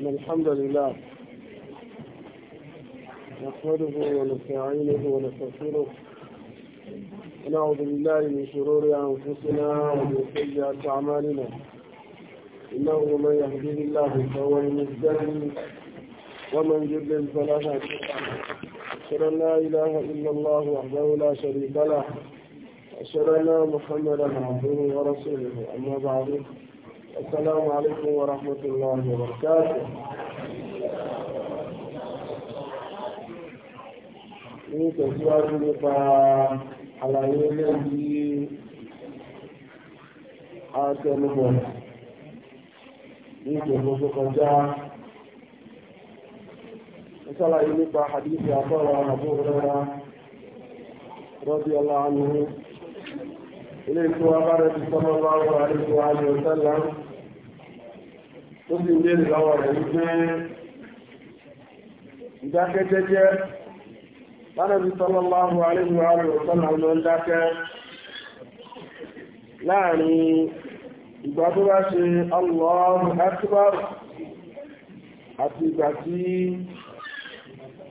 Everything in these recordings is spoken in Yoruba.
إن الحمد لله نحمده ونستعينه ونستغفره ونعوذ بالله من شرور أنفسنا ومن سيئات أعمالنا إنه من يهديه الله فهو المهتدي ومن يضلل فلا هادي أشهد أن لا إله إلا الله وحده لا شريك له أشهد أن محمدا عبده ورسوله أما بعد السلام عليكم ورحمة الله وبركاته ní tẹ̀síwájú nípa àlàyé lẹ́yìn àtẹnubọ̀ ní ìjọba tó kọjá ìsàlàyé nípa àdíṣẹ́ àbọ̀rọ̀ àbò rẹ̀ra rọ́bí ọlá àmì ilé ìtò abárẹ́ ti sọ́mọ́ bá wọ́n àríkò àjọ sẹ́lẹ̀ tó bí ilé ìlọ́wọ́ rẹ̀ láàrin ìgbà tó bá ṣe àti ìgbà tí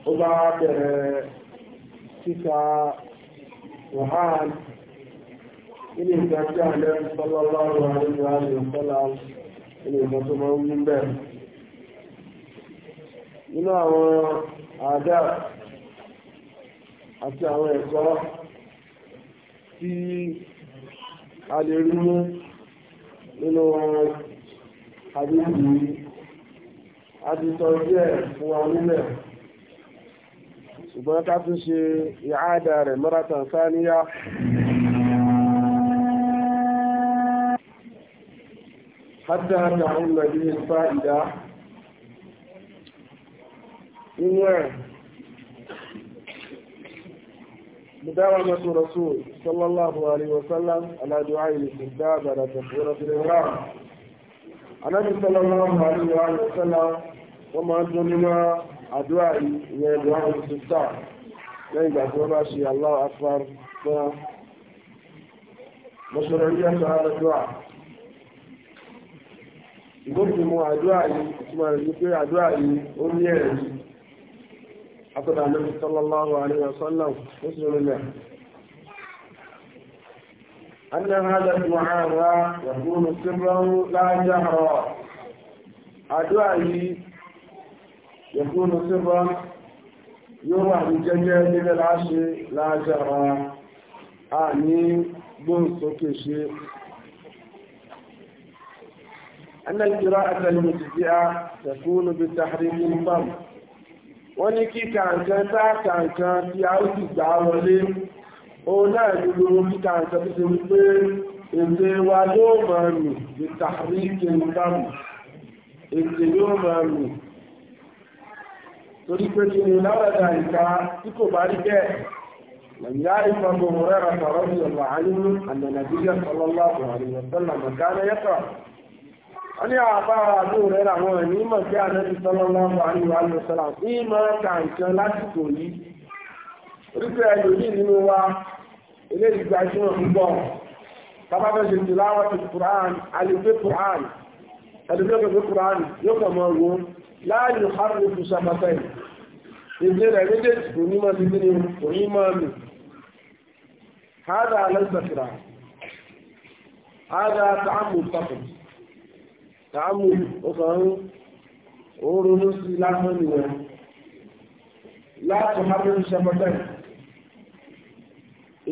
ó bá bẹ̀rẹ̀ ilé ìgbà tí àlẹ́ ilé ìmọ̀ tó máa ń mú bẹ́ẹ̀. nínú àwọn àdá àti àwọn ẹ̀kọ́ tí a lè rí mú nínú àdéhùn yìí díẹ̀ fún wa nílẹ̀ ṣùgbọ́n ká tún ṣe ìhádà rẹ̀ mọ́ra tàǹsáníyà. hátà tààrùn lọ́dí nípa ìdá nínú ẹ̀ mudawa masu rasul sallallahu alaihi wasallam alájọ́ àìlèsìn dáadáa tàbí rafin rárá alábi sallallahu alaihi wasallam wọ́n máa ń dún nímọ́ àdúrà ìyẹn ìdúrà ìsìta lẹ́yìn ìgbà tí wọ́n bá ṣe aláwọ̀ afárá fún mọ́ṣọ́rọ̀ yíyá sọ ṣùgbọ́n fi mọ àdúrà yìí ìtumọ̀ rẹ̀ wípé àdúrà yìí ó ní ẹ̀rẹ̀ akọ́dà lórí sallallahu alaihi wa ó sì rẹ̀ lẹ̀. anna hada du'ara yakunu sirran la jahra àdúrà yìí yakunu sirran yóò wà ní jẹ́jẹ́ nílẹ̀ a ní gbóhùn sókè ṣe أن القراءة المجزئة تكون بتحريم الفم wọ́n ní kí kàǹkan sáàkàǹkan tí a ó sì gbà wọlé òun náà ní lóòrùn kí kàǹkan tó ṣe wípé èdè wa yóò máa mì lè tààrí kìrìtàmù èdè yóò máa mì torí pé kí ni láwọ́dà ìta tí kò bá rí bẹ́ẹ̀ lẹ́yìn àìfà gbogbo rẹ̀ rà sọ̀rọ̀ sí ọ̀rọ̀ àyínú àmì nàìjíríà sọlọ́lá àbùhàrí wọ̀sán làmàkánà yẹ́tọ̀ wọ́n ní àbá àbú rẹ̀ àwọn ẹ̀mí mọ̀ sí àdẹ́bí sọ́lọ́lọ́wọ́ àríwá ló sọ́lá sí mọ́ kàǹkan lásìkò yìí oríṣi ẹlòmíì nínú wa eléyìí gbajúmọ̀ púpọ̀ bàbá bẹ́ẹ̀ ṣe tìláwọ́ ti Quran àlùfẹ́ Quran ẹlòmíì ọ̀gbẹ́ Quran yóò kàn mọ́ wo láàyè harry fúsàmàtà yìí ìdílé rẹ̀ méjèèjì kò ní mọ́ ti dín ní kò ní mọ́ mi. هذا ليس قراءة هذا تعمد فقط tààmù ọkàn oòrùn sí lásán nìyẹn láti hapun sẹpẹtẹ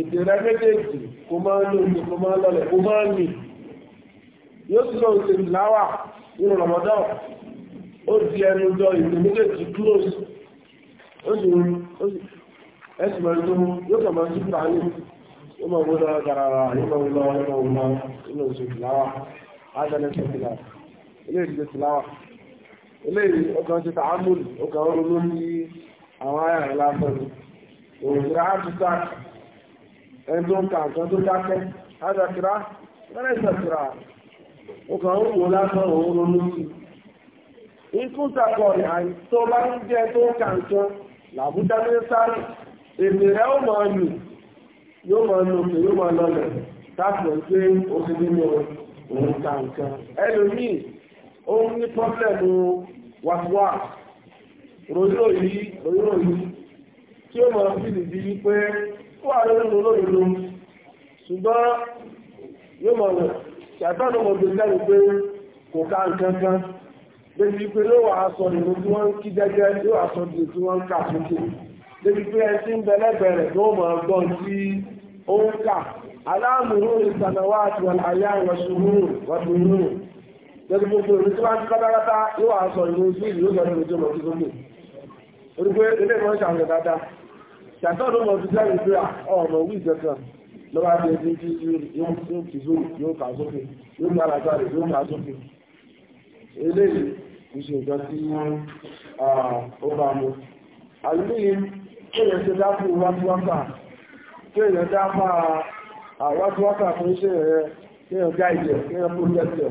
ètò rẹ méjèèjì kò máa ń lòdì kò máa ń lọlẹ̀ kò máa ń nì yóò sì lọ òsè láwà nínú Ramadan ó di ẹnu jọ ìlú méjèèjì close ó sì ẹsùn mẹ́rin tó mú yóò kàn máa ń sípò àní ó máa wọ́n lọ́wọ́ garara yóò máa wọ́n lọ́wọ́ nínú oṣù láwà á dáná sẹ́kìlá. eléyìí ti tìláwà eléyìí ọkàn ti tààmùlù ọkàn ronú ní àwọn ayà ńlá fẹ́rẹ̀ òṣèré àtúntà ẹ̀dùn kàǹkan tó dákẹ́ àjàkìrá mẹ́rẹ̀ ìṣàkìrá ọkàn ó lásán òun bá ń jẹ́ tó làbújá ní sáré ó máa yóò máa yóò máa lọlẹ̀ táàpù ẹ̀ pé ó ti òun ẹlòmíì ó ń ní pọ́blẹ̀mù wàtíwà ròyìnrò yìí ròyìnrò yìí tí ó mọ̀ sí ìdí wípé ó wà lórí olóòrò ṣùgbọ́n yóò mọ̀ rẹ̀ ṣàtọ́nù mọ̀ tó jẹ́ pé kò ká nǹkan kan débi pé ló wà aṣọ tí wọ́n ń kí jẹ́jẹ́ ló wà tí wọ́n ń kà fún kí débi pé ẹ ti ń bẹ lẹ́gbẹ̀ẹ́ rẹ̀ ó ń lọ́dún gbogbo ìlú tí wọ́n ti pátápátá yóò wá sọ ìlú sí ìlú lọ́dún ìlú tó mọ̀ gbogbo orúkọ ilé ìwọ̀n ṣàwọn dáadáa ṣàtọ́ ló mọ̀ sí sẹ́yìn pé ọmọ wí ìjọkan ló bá ti ẹni tí yóò ti zó yóò kà sókè yóò ní alájọ rẹ̀ yóò kà sókè eléyìí kì í tí ó bá mu àlùmíyìn kéèyàn ṣe dáfún wákúwákà kéèyàn dáfà wákúwákà fún iṣẹ́ rẹ̀ kéèyàn gá ìjẹ kéèyàn pọ́ńtẹ́tẹ̀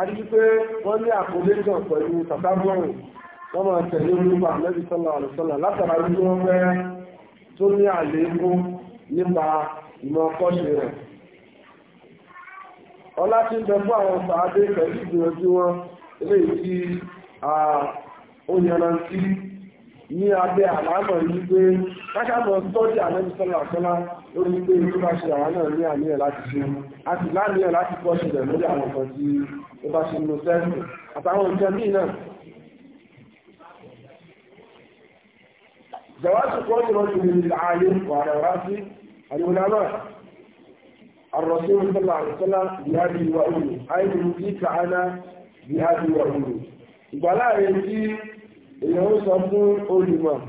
àti wípé wọ́n ní àkóléjàn pẹ̀lú tàbábọ̀rùn wọ́n máa tẹ̀lé olúgbà lẹ́bí sọ́lá àlùsọ́lá látara wípé wọ́n fẹ́ tó ní àlékún nípa ìmọ̀ ọkọ́ṣe rẹ̀ ọlá tí ń bẹ fún àwọn sàádé pẹ̀lú ìgbìyànjú wọn eléyìí tí ó yanrantí ní abẹ́ àlámọ̀ yìí pé káṣàmọ̀ tọ́jú àlẹ́bí sọ́lá àlùsọ́lá ó ní pé tó bá ṣe àwọn náà ní àníyàn láti ṣe a sì láníyàn láti pọ́ ṣẹlẹ̀ lórí àwọn nǹkan tí ó bá ṣe nínú sẹ́ẹ̀sì àtàwọn nǹkan míì náà jawaasu kọ́ ní rọ́jù ní ààyè wàrà wá sí الرسول صلى الله عليه وسلم بهذه وأمي أي نجيك أنا بهذه وأمي ìgbàláàrin tí èèyàn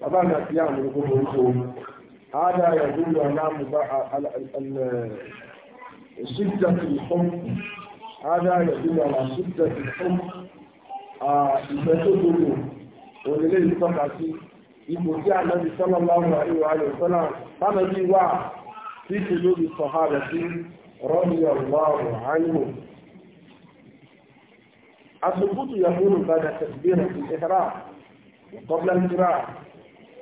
bàbá mi àti àwọn olùkọ́ mọ̀ ń kó هذا يدل على شدة الحب هذا يدل على شدة الحب ìfẹ́sọ́gbòrò onílé ìtọ́ka sí ipò tí a lọ́bí sọ́lọ́lọ́wọ́ àríwá ayò sọ́lá tánàbí wà tí kò lórí sọ̀há rẹ̀ sí rọ́míọ̀lọ́wọ́ àánú asòkútù yàmúrù bàdà tẹ̀síbẹ̀rẹ̀ sí ẹ̀hẹ́rà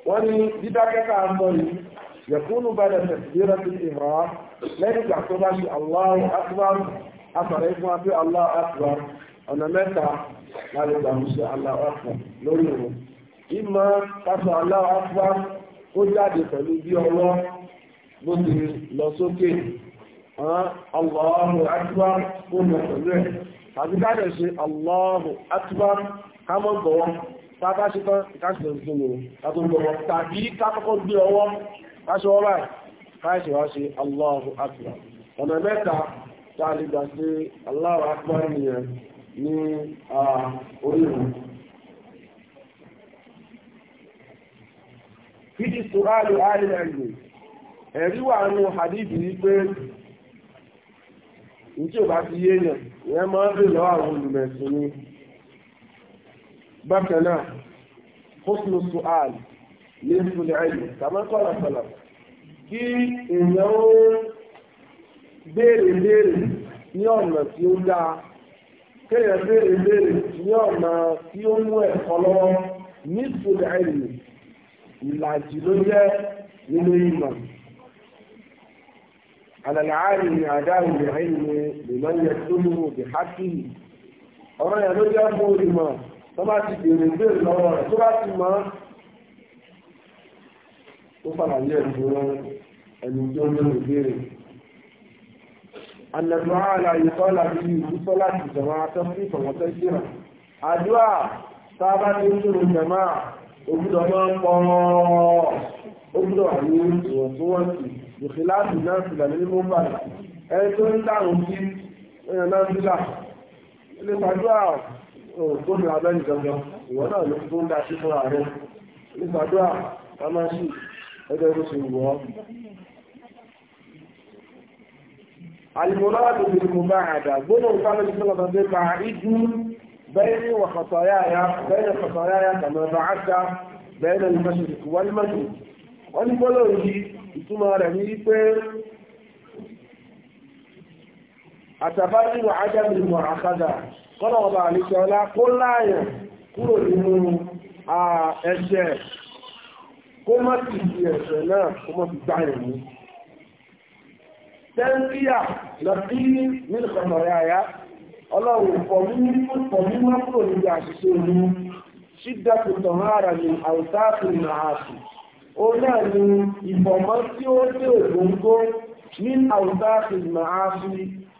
wọ́n ní dídákẹ́kà ń bọ̀ yìí yẹ̀kúnnù bẹ̀rẹ̀ tẹ̀síra ti ti hàn lẹ́yìn ìgbà tó bá ṣe Allahu Akbar afọ̀rẹ́ fún wa pé Allahu Akbar ọ̀nà mẹ́ta láti gbà ń ṣe Allahu Akbar lórí òun ìmọ̀ kásọ̀ ó jáde pẹ̀lú bí ọwọ́ bó ti lọ sókè pẹ̀lú ẹ̀ ká tàbá ṣe tán ìkáṣẹ̀ ìsinmi látòlùgbọ̀mọ̀ tàbí kákọ́kọ́ gbé ọwọ́ káṣẹ ọwọ́ báyìí káṣẹ̀ wá ṣe Allahu Akbar ọ̀nà mẹ́ta tààlìgbà sí Allahu Akbar nìyẹn ní orílẹ̀ fíjì sùúrù àìlẹ́gbẹ̀ ẹ̀rí wà nù hadithi wípé ní tí ò bá ti yéèyàn ìyẹn máa ń bè lọ́wọ́ àwọn olùmẹ̀sìn ni bákan náà hosnu su'al lè sùn ní àìlú tàbátọ́lá sọ̀lá kí èèyàn ó béèrè béèrè ní ọ̀nà tí ó dáa kéèyàn béèrè béèrè ní ọ̀nà tí ó mú ẹ̀kọ́ lọ́wọ́ ní sùn àìlú ìlàjì ló jẹ́ nínú ìmọ̀ على العالم أداء العلم لمن يكتمه بحقه أرى يا لجأ tó bá ti bèèrè bèèrè lọ́wọ́ rẹ̀ tó bá ti mọ́ ó fàlàyé ìdúró ẹni tó bèèrè bèèrè àlẹ́gbọ́n àlàyé sọ́lá bí ìrúsọ́lá ti jẹ̀mọ́ atọ́sí ìfọ̀wọ́tẹ́ síra àdúrà sábà tí ó ṣòro jẹ̀mọ́ òbúdọ̀ máa ń pọ̀rọ̀ òbúdọ̀ ẹni tó ń dáhùn sí ẹ̀yàn náà nílà ilé pàdúrà ògbómi abẹ́ni gangan ìwọ́n náà ló tó ń dá sí fúnra rẹ̀ nígbàdúrà tamasi ẹgbẹ́ ló ti wọ́ alìmọ̀lá tó bí mo bá àdá gbọ́nà ìpánà ti sọ́lọ́ta pé bá ìdú bẹ́ẹ̀ni wà kọ̀tọ̀yáyá àtàbáyé wà ájá mi àkádà kọ́nà ọba àlejò ọlá kó láàyàn kúrò nínú ẹ̀ṣẹ̀ kó má sì fi ẹ̀ṣẹ̀ náà kó má fi gbá yẹn mú. tẹ́ńtíyà lọ sí mílíkọ̀tọ̀ rẹ̀ àyá ọlọ́run pọ̀mí má kúrò níbi àṣìṣe ìlú ṣídàkùtọ̀ hàrà ní àwùtáàkì nàásì ó náà ní ìbọ̀mọ́ tí ó dé ògbóngó ní àwùtáàkì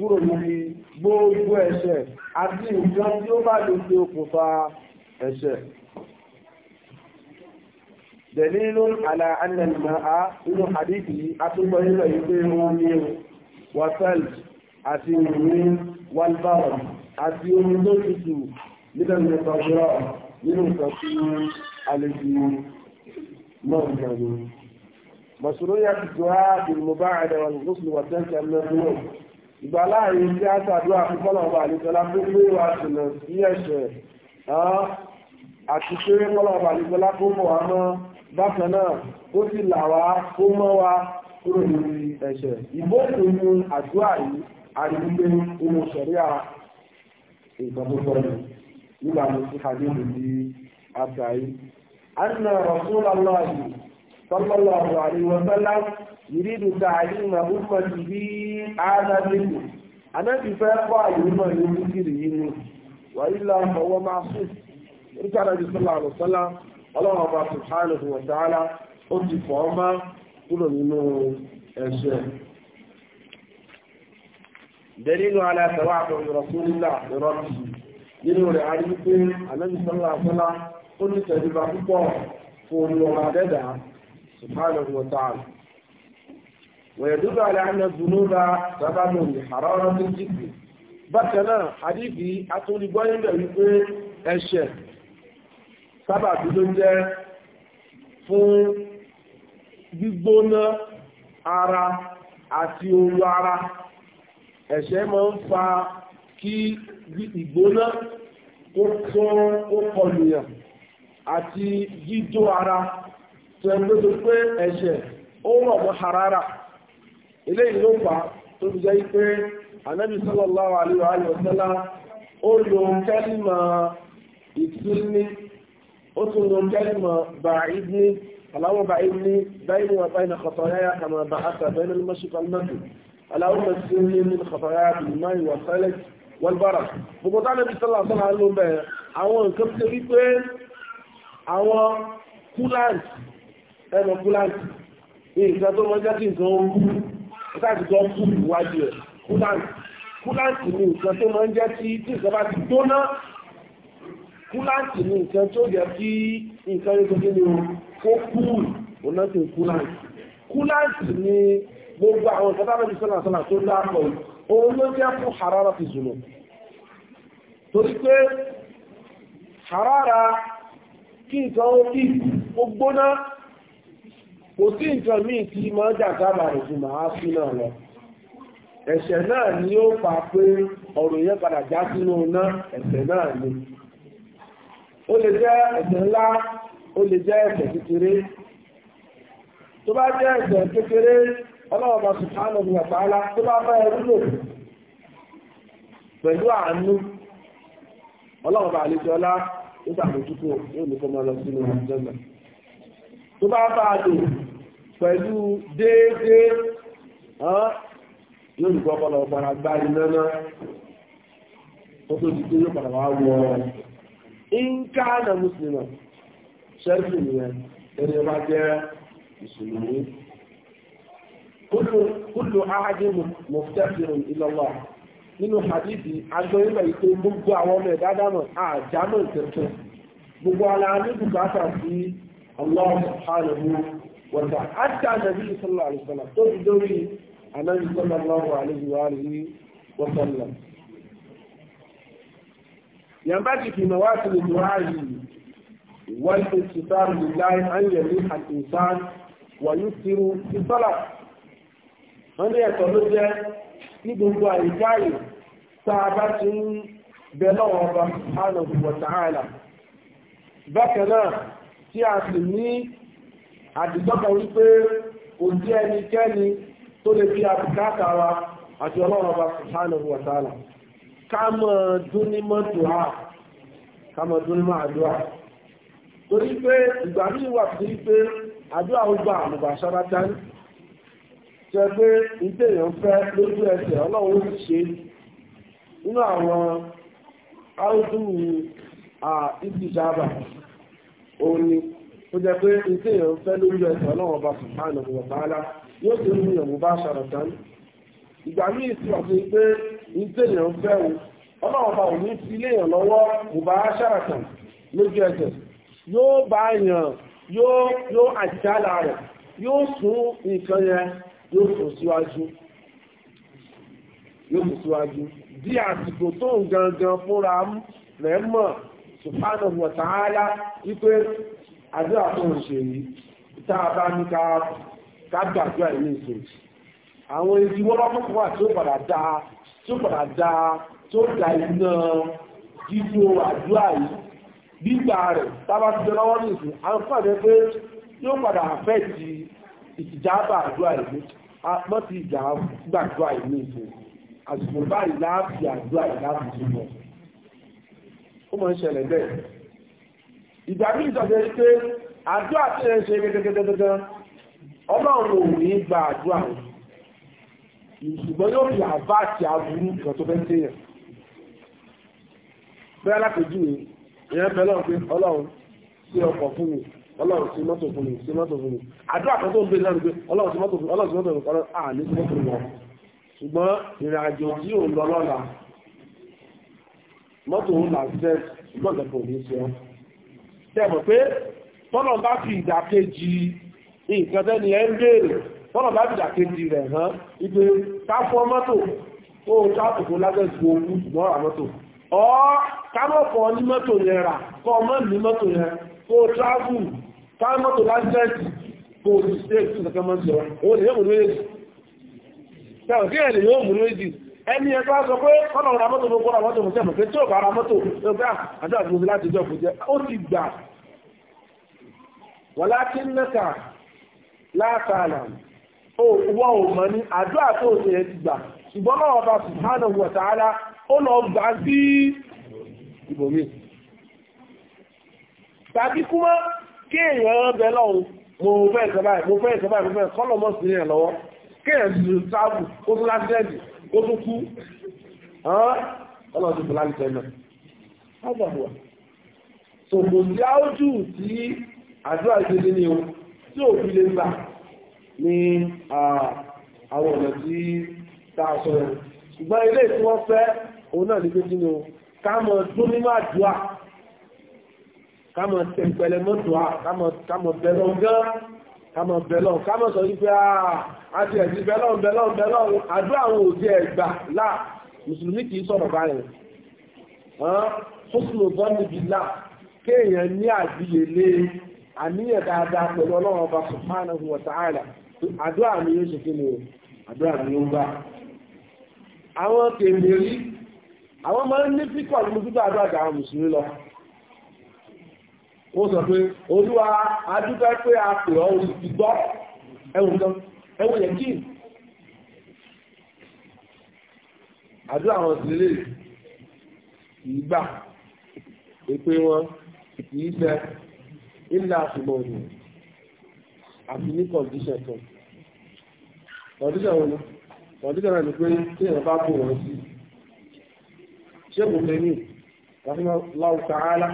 kúrò níbi gbogbo ẹ̀ṣẹ̀ àti nǹkan tí ó bá lè ṣe okùnfà ẹ̀ṣẹ̀. Dẹ̀lílù àlà ànàlìmọ̀ á inú àdìsí atúgbọ́ nílò ìpé wọn ní wàsẹ́l àti ìrìnrí wàlbáwọ̀ àti omi tó tutù nílò ìrìnlẹ̀ nínú nǹkan tí a lè fi mọ́ ìgbàgbọ́. Mọ̀sùlùmí àti Jọ́á Bìlmùbá Àdàwà Lùsùlùmí wà tẹ́ǹkì àmì ìgbà láàrin tí a ṣàdúrà fún kọ́lọ̀ọ̀bà àlejọ́lá tó gbé wa ṣùnà sí ẹ̀ṣẹ̀ àti pé kọ́lọ̀ọ̀bà àlejọ́lá tó mọ̀ wá mọ́ bákan náà ó sì là wá ó mọ́ wa kúrò lórí ẹ̀ṣẹ̀ ìbóòtò inú àdúrà yìrìdù tààrí na ọmọ ìbí ánàbìnú anábì fẹ́ kọ́ àyùmọ̀ ní bíkìrì yìí ni wà nílò ọmọ máa fún nípa nàbì sọ́lá àrùsọ́lá ọlọ́run ọba subhanahu wa ta'ala ó ti fọ́ ọmọ ụlọ nínú rẹ̀ a rí ó ní tẹ̀lé bá púpọ̀ fún ويدل على أن الذنوب سبب لحرارة الجسم bákan náà àdìbí atúndìgbọ́yé ń bẹ̀ wípé ẹ̀ṣẹ̀ sábàbí ló jẹ́ fún gbígbóná ara àti ooru ara ẹ̀ṣẹ̀ máa ń fa kí ìgbóná ó tún ó kọlùyàn àti jíjó ara tẹ̀lé pé ẹ̀ṣẹ̀ ó rọ̀ mọ́ harara eléyìí ló fà tó fi jẹ́ pé anábì sallallahu alaihi wa sallam ó lo kẹ́lìmọ̀ ìtúní ó tún lo kẹ́lìmọ̀ bàáìdní aláwọ̀ bàáìdní báyìí wà báyìí na kọ̀tọ̀yáyà kàmà bá àtà bẹ́ẹ̀ ní mọ́ṣíkà lọ́dù aláwọ̀ mẹ́sìnní ní kọ̀tọ̀yáyà bìí máa ìwà sẹ́lẹ̀ wọlbára gbogbo tánàbì sallallahu alaihi wa ló bẹ̀rẹ̀ àwọn nǹkan tó rí pé àwọn kúláǹtì ẹnu kúláǹtì nǹkan tó mọ jẹ́ kí nǹkan ó kú láti jọ kú ìwájú ẹ̀ kúláǹtì ni nǹkan tó máa ń jẹ́ tí tí nǹkan bá ti gbóná kúláǹtì ni nǹkan tó yẹ kí nǹkan yóò tó ní kó kú òná tó kúláǹtì kúláǹtì ni gbogbo àwọn nǹkan tábàbí sọ́nà sọ́nà tó dáàpọ̀ òun ló jẹ́ fún harara fi zùnú torí pé harara kí nǹkan ó kí ó gbóná kò sí nǹkan míì tí máa jàkábà òjò máa sí náà lọ ẹ̀ṣẹ̀ náà ni ó fà pé ọ̀rọ̀ yẹn padà já sínú iná ẹ̀ṣẹ̀ náà ni ó lè jẹ́ ẹ̀ṣẹ̀ ńlá ó lè jẹ́ ẹ̀ṣẹ̀ kékeré tó bá jẹ́ ẹ̀ṣẹ̀ kékeré ọlọ́ọ̀bá subhanahu wa ta'ala tó bá bá ẹrú lò pẹ̀lú àánú ọlọ́ọ̀bá àlejò ọlá ó sàmójútó yóò ní kọ́ máa lọ sínú ìjọba tó bá bá a lò pẹ̀lú déédéé yóò ní kọ́kọ́ lọ padà gbá iná náà ó tó ti pé yóò padà wá wọ ǹkà na mùsùlùmí ṣẹ́fì nìyẹn ẹni ọba jẹ́ mùsùlùmí kúlù ahadi muftatirun ila nínú hadithi agbóyìnbá ìpé gbogbo àwọn ọmọ ẹ̀dá dámọ̀ àjámọ̀ ìtẹ̀tẹ̀ gbogbo aláàánú bùkátà sí Allah subhanahu wọ̀tà àti ànàbí sallallahu alaihi wasallam tó fi dórí ànàbí sallallahu alaihi wa sallam. yàmbá ti fi mọ̀wá sí lè dùn áàyè wọ́n ti ti sáré láì àyẹ̀ ní àtìsán wọ̀nyí tiru ti sọ́là. wọ́n ní ẹ̀tọ́ ló jẹ́ wa ta'ala. bákan náà tí àdìsọ́kà wípé kò sí ẹnikẹ́ni tó lè fi àbùkátà wa àti ọlọ́run ọba subhanahu wa ta'ala ká mọ̀ dúnímọ̀ dùá ká mọ̀ dúnímọ̀ àdúrà torí pé ìgbà ní ìwà tí í pé àdúrà ó gba àmùbà ṣáratá ní ṣe pé ìdè èèyàn fẹ́ lójú ẹsẹ̀ ọlọ́run ó ṣe nínú àwọn áùdù ìdìjábà òní tó jẹ́ pé iṣẹ́ èèyàn fẹ́ lórí ẹ̀sẹ̀ ọlọ́run ọba sùpáàlù ọ̀tàálá yóò tó ní ìyàwó bá ṣàrọ̀ tán ìgbà míì sí ọ̀sẹ̀ pé iṣẹ́ èèyàn fẹ́ o ọlọ́run ọba ò ní fi ilé èèyàn lọ́wọ́ kò bá ṣàrọ̀ tán lójú ẹsẹ̀ yóò bá èèyàn yóò àjálà rẹ̀ yóò sún nǹkan yẹn yóò sún síwájú yóò sún síwájú bí àsìkò tó ń gangan fúnra rẹ̀ mọ̀ subhanahu wa àdúrà tó ń ṣe yìí tá a bá ní ká gbàdúrà ilé ìsìn àwọn ibi wọ́lọ́pọ̀ wà tí ó padà dá tí ó padà dá tí ó dá iná dídó àdúrà yìí gbígbà rẹ̀ tábà ti jẹ lọ́wọ́ ní ìsìn àǹfààní pé yóò padà fẹ́ ti ìtìjábà àdúrà ìlú wọ́n ti ìjà gbàdúrà ìlú ìfò àsìkò báyìí láàfin àdúrà ìlú àbùjú lọ ó mọ̀ ń ṣẹlẹ̀ bẹ́ẹ̀ ìgbàmí ìtọ́jẹ́ wípé àdúrà tí ẹ ṣe gẹ́gẹ́gẹ́gẹ́gẹ́ ọlọ́run ò ní gba àdúrà ṣùgbọ́n yóò fi àbá àti aburú kan tó fẹ́ ń tẹ̀yàn bẹ́ẹ̀ alápèjúwe ìyẹn bẹ́ẹ̀ lọ́run pé ọlọ́run sí ọkọ̀ fún mi ọlọ́run sí mọ́tò fún mi sí mọ́tò fún mi àdúrà kan tó ń gbé lẹ́nu pé ọlọ́run sí mọ́tò fún mi ọlọ́run sí mọ́tò fún mi ọlọ́run à ní sí mọ́tò fún mi ṣùgbọ́n ìrìn àjò tí ò ń ọ́ tẹ́mọ̀ pé tọ́nà bá fi ìdàkejì nǹkan tẹ́ni ẹ ń tọ́nà bá fi ìdàkejì rẹ̀ hàn káfọ́ mọ́tò ó lágbẹ̀sù ogun ṣùgbọ́n ọ́ kámọ́kọ̀ ní mọ́tò yẹn rà kọ́ mọ́ ní mọ́tò yẹn kó tráfù kámọ́tò kó sì ṣe ẹni ẹgbẹ́ sọ pé kọ́nà ra mọ́tò gbogbo ra mọ́tò fúnṣẹ́ mọ̀kẹ́ tí ó bá ra mọ́tò ẹgbẹ́ àti àgbòsí láti jọ fúnṣẹ́ ó ti gbà wọ́n láti mẹ́ta látàlà ó wọ́n ò mọ̀ ní àdúrà tó ṣe ẹ ti gbà ṣùgbọ́n náà ọba subhanahu wa ta'ala ó lọ gbà sí ibòmí tàbí kúmọ́ kéèyàn bẹ lọ́hùn mo fẹ́ ìsọ́báyì mo fẹ́ ìsọ́báyì mo fẹ́ kọ́lọ̀ mọ́ sí ẹ̀ lọ́wọ́ kéèyàn ti sáàbù ó tún láti ó tún kú ọlọ́run ti fìlà ìfẹ́ náà ágbàbọ̀ so kò sí áójú tí àdúrà ìdílé ní o tí ò fi lè gbà ní àwọn ọ̀nà tí táa sọ rẹ̀ ṣùgbọ́n ilé tí wọ́n fẹ́ òun náà ní pé ni o kámọ̀ tó nínú àdúrà kámọ̀ tẹ̀pẹ̀lẹ̀ mọ́tò á kámọ̀ kàmọ̀ bẹ̀lọ̀ kàmọ̀ sọ ah, a àti ẹ̀sì bẹ̀lọ̀ bẹ̀lọ̀ bẹ̀lọ̀ àdúrà àwọn òdi ẹ̀gbà lá mùsùlùmí kìí sọ̀rọ̀ báyìí fúsùlù bọ́ọ̀lù bíi láà kéèyàn ní àdìyelé àníyàn dáadáa pẹ̀lú ọlọ́run ọba subhanahu wa ta'ala àdúrà mi yóò ṣe kí ni àdúrà mi yóò gbà àwọn kèmèrí àwọn máa ń ní fíkọ̀ ní mo dúdú àdúrà àwọn ó sọ pé olúwa adúgbẹ́ pé a pè ọ́ ìgbọ́ ẹwùn gan ẹwùn yẹn kí àdúrà wọn sì lè kì í gbà pé wọn kì í ṣe ilé àṣùgbọ̀n òdì àti ní kọ̀ǹdíṣẹ̀ kan kọ̀ǹdíṣẹ̀ wọn ni kọ̀ǹdíṣẹ̀ náà ni pé tí èèyàn bá kó wọn sí ṣé kò fẹ́ ní ìgbàfẹ́ láwùjọ ààlà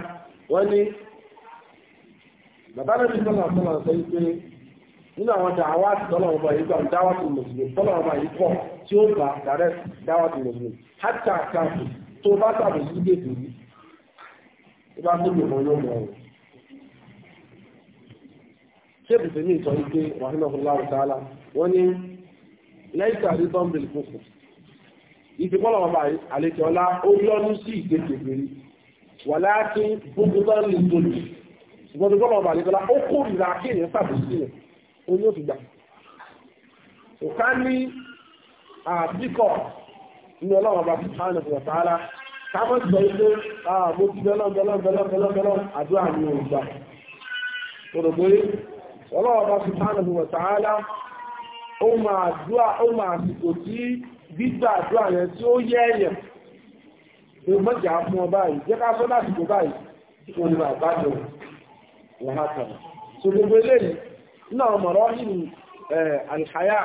wọ́n ní bàbá náà bí sọ́nà sọ́nà sọ pé nínú àwọn dàwà tọ́lọ̀ ọba yìí gbà dáwà tó mùsùlùmí tọ́lọ̀ ọba yìí pọ̀ tí ó bá dàrẹ́ dáwà tó mùsùlùmí hátà káàpù tó bá sàbò sí gbèsè yìí tó bá tó gbèmọ̀ yóò mọ̀ ọ́. ṣé bùsùn ní ìtọ́ ike wàhálà ọ̀tàlá wọ́n ní lẹ́yìn tàbí tọ́ḿbìlì kòkò ìfipọ́lọ̀ ọba àlejò ọlá ó yọ́nú sí ìgbèsè ṣùgbọ́n tó gbọ́nà ọba àlejòlá ó kó ìlà akéèrè ń sàbò sílẹ̀ ó ní òfìgbà òká ní àbíkọ̀ ní ọlọ́run ọba sùpánù fún ọ̀tàlá káwọn ti sọ ilé ààbò ti bẹ́lọ́bẹ́lọ́bẹ́lọ́bẹ́lọ́ àdúrà ní ògbà òdòdó ọlọ́run ọba sùpánù fún ọ̀tàlá ó máa àdúrà ó máa àsìkò tí gbígbà àdúrà yẹn tí ó yẹ ẹ̀yẹ̀ èèmọ̀jà fún ọ báyìí jẹ́ ká sọ láti kó báyìí kí wọ́n ní bàbá jọ wàhákàrà so gbogbo eléyìí nínú àwọn alhaya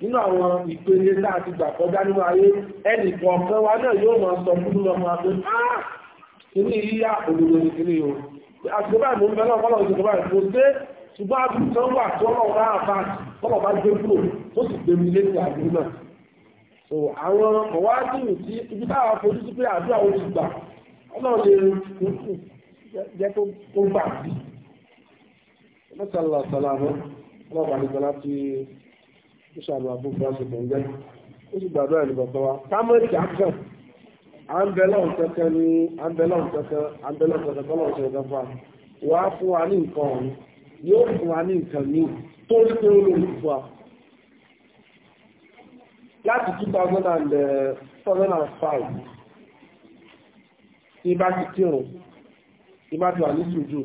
nínú àwọn ìpele náà ti gbà kọjá nínú ayé ẹnì kọ̀ọ̀kan wa náà yóò máa sọ fún lọ́mọ abẹ́ ah, kíní yíyá òdòdó ní kíní o àṣìkò báyìí mo ń báyìí ṣùgbọ́n ọlọ́run bá bá gbé kúrò tó sì gbé mi létí náà so ti gbà ọlọ́run lè mọ́sálà sàlámù ọlọ́pàá nìkanlá ti ìṣàlù àbúkù láti gbọ̀ngẹ́ ó sì gbàdúrà ní bàbá wa kámẹ́rì àkàn àǹbẹ̀lọ́n kankan ní àǹbẹ̀lọ́n kankan àǹbẹ̀lọ́n kankan kọ́lọ́n ṣe ọ̀gá fún wa wàá fún wa ní nǹkan ọ̀hún yóò fún wa ní nǹkan míì tó ń pé ó lórí fún wa láti 2005 ìbá eh, ti kírun ìbá ti wà ní sùjúdù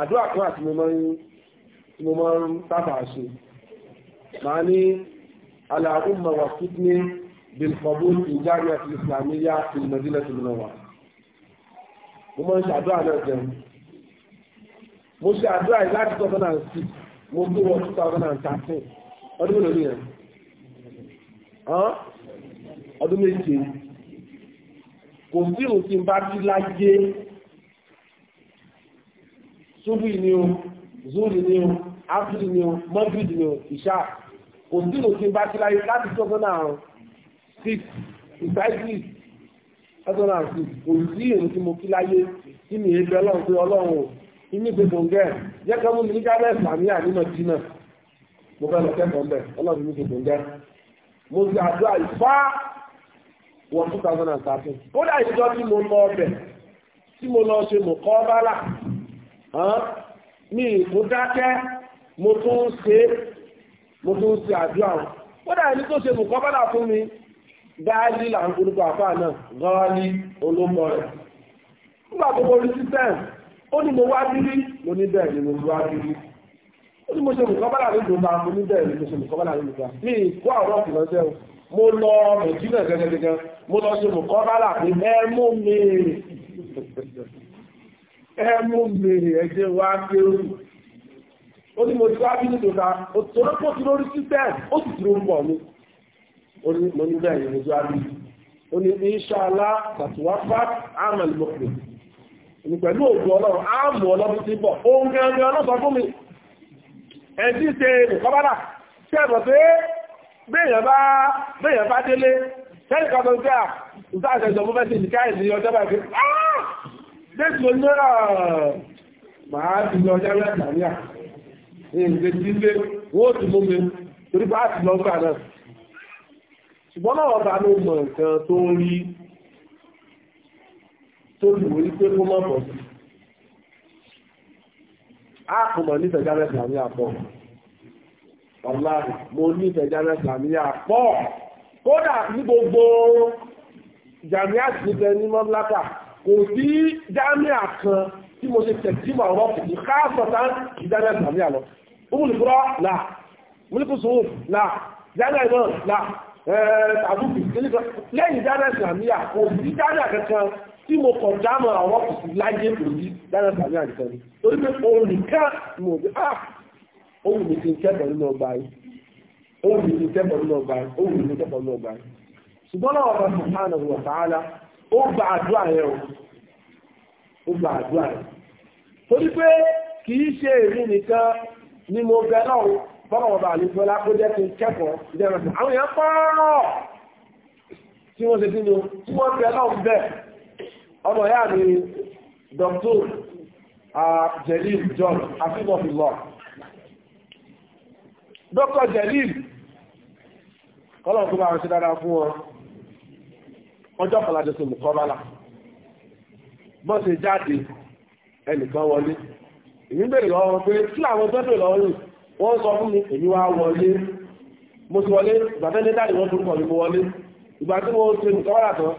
àdúrà kan àti mo máa ń sábà ṣe máa ní aláàrùn mọ̀wà fitni bilkabul ìjáàrí àti islamiyya ìmọ̀dílẹ̀ tó lọ wà mo máa ń ṣàdúrà náà jẹun mo ṣe àdúrà yìí láti 2006 mo gbé wọ 2013 ọdún mélòó nìyẹn ọdún méje kò sí òsín bá ti láyé ṣúbù ni o zúrì ni o áfírí ni o mọ́gìd ni o ìṣá kò sí òfin bá ti láyé láti tọ́gbọ́n náà six ìsáìsì tọ́gbọ́n náà six kò sí èrò tí mo kí láyé tí mi èébẹ̀ ọlọ́run pé ọlọ́run ò inú ìgbèkò ń gẹ́ jẹ́ kọ́ mú mi ní gábẹ́ ìsàmíyà nínú ìdínà mo fẹ́ lọ kẹ́kọ̀ọ́ mbẹ́ ọlọ́run mi ìgbèkò ń gẹ́ mo ti àdúrà ìfá wọ 2013 kódà ìjọ tí mo lọ ọbẹ̀ tí mo lọ ṣe mọ̀kọ́ bá là mi ìkún dákẹ́ mo tún ń ṣe mo tún ń ṣe àdúrà wọn kódà ẹni tó ṣe mùkọ́ bọ́dà fún mi gáálí là ń kúrúkọ àfà náà gáálí olómọ rẹ̀ nígbà tó borí sísẹ́ǹ ó ní mo wá bírí mo ní bẹ́ẹ̀ ni mo wá bírí ó ní mo ṣe mùkọ́ bọ́dà ní ìdòmà mo ní bẹ́ẹ̀ ni mo ṣe mùkọ́ bọ́dà ní ìdòmà mi ìkú àwọn ọ̀pọ̀ lọ́sẹ̀ o mo lọ mẹ̀jínà gẹ́gẹ́gẹ́gẹ́ mo lọ ṣe mùkọ́ bọ́dà pé ẹ mú mi ẹmú mèrè eze wa kéwù ó ní mo ti wá bí nínú ta òtòrò pọ̀ sí lórí títẹ́ ó sì dúró ń bọ̀ ní mo ní bẹ́ẹ̀ yẹn wá bí ó ní inṣàlá tàtùwá fà ámà lè mọ̀pẹ̀ ní pẹ̀lú òògùn ọlọ́run áàmù ọlọ́run ti bọ̀ ohun gẹ́gẹ́ ọlọ́sọ fún mi ẹ̀dí ṣe ẹ̀bọ̀ pé bá délé tó ń Déjì oníra máa ti lọ yára ìtàríà. Ìgbè tí lé, wọ́n ti mú mi, torí bá ti lọ gbà náà. Ṣùgbọ́n náà ọba ló mọ̀ nǹkan tó ń rí tó lùwé pé kó mọ̀ bọ̀ sí. A kò mọ̀ ní ìtẹ̀jára ìtàríà pọ̀. Ọláàrí, mo ní ìtẹ̀jára pọ̀. Kódà ní gbogbo jàmíà sí ní mọ́bláta kò sí jámíà kan tí mo ṣe tẹ̀síwà ọ̀rọ̀ kìí káàkọ̀tà ìdájọ́ ìgbàmíà lọ umùlùkúrọ̀ là múlùkùsùn là jámíà náà là tàbùkù lẹ́yìn jámíà ìgbàmíà kò sí jámíà kankan tí mo kọ̀ jámọ̀ àwọn kìí láyé lórí jámíà ìgbàmíà nìkan ni torí pé òun nìkan mo bí ah òun mi ti ń kẹ́kọ̀ọ́ nínú ọgbà yìí òun mi ti ń kẹ́kọ̀ọ́ nínú ọgbà yìí òun mi ti ń kẹ́kọ̀ọ́ nínú ọgbà yìí ṣùgbọ́n náà wà ó gba àdúrà rẹ̀ o ó gba àdúrà rẹ̀ torí pé kì í ṣe èmi nìkan ni mo bẹ náà bọ́lá ọba àlejòlá kó jẹ́ kí n kẹ́kọ̀ọ́ ìjẹun ẹ̀sìn àwọn èèyàn pọ́ọ́rọ́ tí wọ́n ṣe kí ni tí wọ́n bẹ náà bẹ̀ ọmọ ìyá mi dr jelil john afibọfilọ dr jelil kọ́lọ̀ tó bá ń ṣe dáadáa fún ọ ọjọ́ kọlájọsọ mùkọ́bálà bọ́ ṣe jáde ẹnìkan wọlé èmi bèèrè lọ́wọ́ pé kí làwọn tó bèèrè lọ́wọ́ rìn wọ́n sọ fún mi èmi wá wọlé mo ti wọlé ìgbà tẹ́lé dáàdì wọ́n torúkọ mi mo wọlé ìgbà tí mo ṣe mùkọ́bálà tán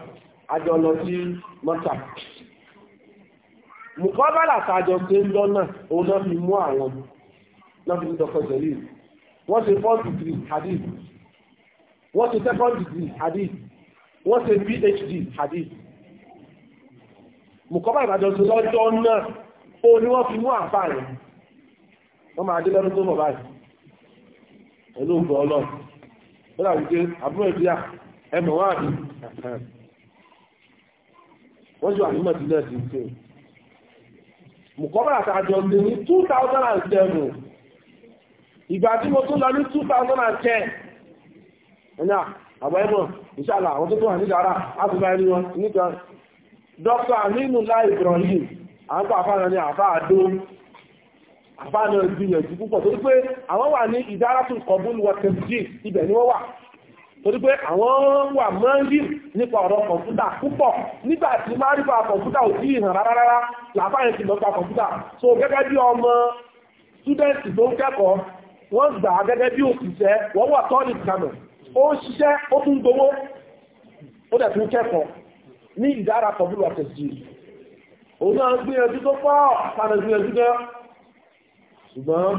àjọ lọ sí mọ́tà mùkọ́bálà tàjọ ṣe ń lọ́nà òun náà fi mú àwọn náà fi dọ́kọ̀ jẹ̀lì wọ́n ṣe first degree hadith wọ́n ṣe second degree hadith wọ́n ṣe phd hadith mùkọ́bà ìbàdàn tó lọ́jọ́ náà ó ní wọ́n fi mú àǹfààní wọ́n máa dé lọ́dún tó mọ̀ báyìí pẹ̀lú ògbọ́ ọlọ́run wọ́n dàbí pé àbúrò ìbíyà ẹmọ̀ wá àbí wọ́n jọ ànímọ̀ sí náà sí pé mùkọ́bà àtàjọ ní 2007 ìgbà tí mo tún lọ ní 2010 ẹ̀yà àbọ̀ ẹ̀mọ̀ ìṣàlà àwọn tó tó wà nígbàrá àtúbà ẹni wọn nígbà dr aminu láì ibrahim à ń pa àfáàrà ní àfá àdó àfá náà gbìyànjú púpọ̀ torí pé àwọn wà ní ìdáratù kọbúlù ni wọ́n wà torí pé àwọn wà mọ́ndì nípa ọ̀rọ̀ kọ̀ǹpútà púpọ̀ nígbà tí máa rí pa kọ̀ǹpútà ò sí ìhàn rárá rárá làfáàyàn ti lọ pa kọ̀ǹpútà so gẹ́gẹ́ bí ọmọ túdẹ́ǹtì tó ń kẹ́kọ̀ọ́ wọ́n gbà gẹ́gẹ́ bí òṣìṣẹ́ wọ́n wà tọ́lì ó ṣiṣẹ́ ó tún gbowó ó dẹ̀ tún kẹ́kọ̀ọ́ ní ìdára pọ̀bílù àtẹ̀sí òun náà gbìyànjú tó pọ̀ àtàrà gbìyànjú gan ṣùgbọ́n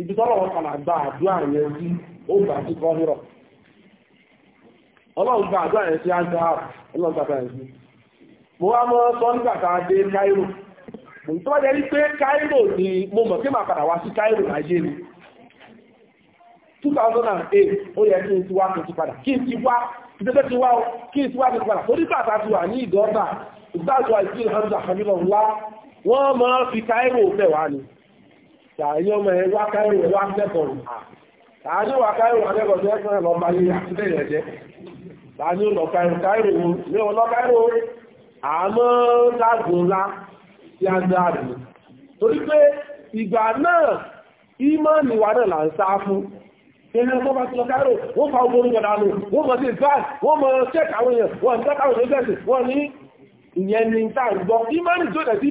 ibi tọ́lọ̀ wọn àdúrà yẹn sí ó gbà sí kọ́hírọ̀ ọlọ́run gba àdúrà yẹn sí ọlọ́run gbà 2008 ó yẹ kí n ti wá kí n ti padà kí n ti wá ìdẹ́gbẹ́ ti wá o kí n ti wá kí n ti padà torí pàtàkì àti wà ní ìdọ́gba ìgbàjọ ìpín hamza hamilton ńlá wọ́n máa fi káírò fẹ́ wá ni ṣàyẹn ọmọ ẹ̀ wá káírò wá kẹ́kọ̀ọ́ ṣàyẹn wá káírò wá kẹ́kọ̀ọ́ jẹ́ fún ẹ̀ lọ́ba yìí àti bẹ́ẹ̀ yẹn jẹ́ ṣàyẹn lọ káírò káírò wo ní wọn lọ káírò àmọ́ dágùn ńlá tí a ń dáàbò torí pé ìgbà náà ìmọ̀ nìwà náà là ń sá fún èèyàn tó bá ti lọ káró wọ́n fa ogun oúnjẹ dànù wọ́n mọ̀ sí ìfáàsì wọ́n mọ̀ ṣẹ́ẹ̀kì àwọn èèyàn wọ́n ń tọ́ka wọ́n ní ìyẹn ní ta ń gbọ́ tó tẹ̀sí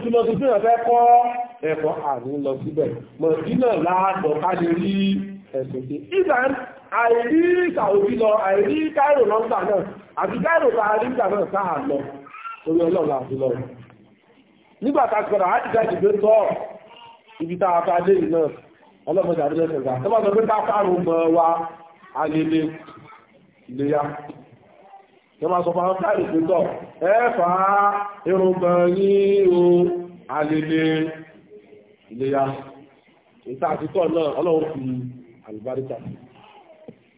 sí fún ìrànfẹ́ kọ́ ẹ̀kọ́ àní lọ síbẹ̀ àti káìrò tá tọ́ ibi tá a bá dé yìí náà ọlọ́mọdé àdúgbò ẹ̀sẹ̀ tó bá sọ pé ká fáàrùn mọ́ wa alele ìléyà tó bá sọ fún àwọn fáàrùn pé tọ̀ ẹ irun gan ní o alele ìléyà ìta àtìkọ́ náà ọlọ́run fi àlùbáríkà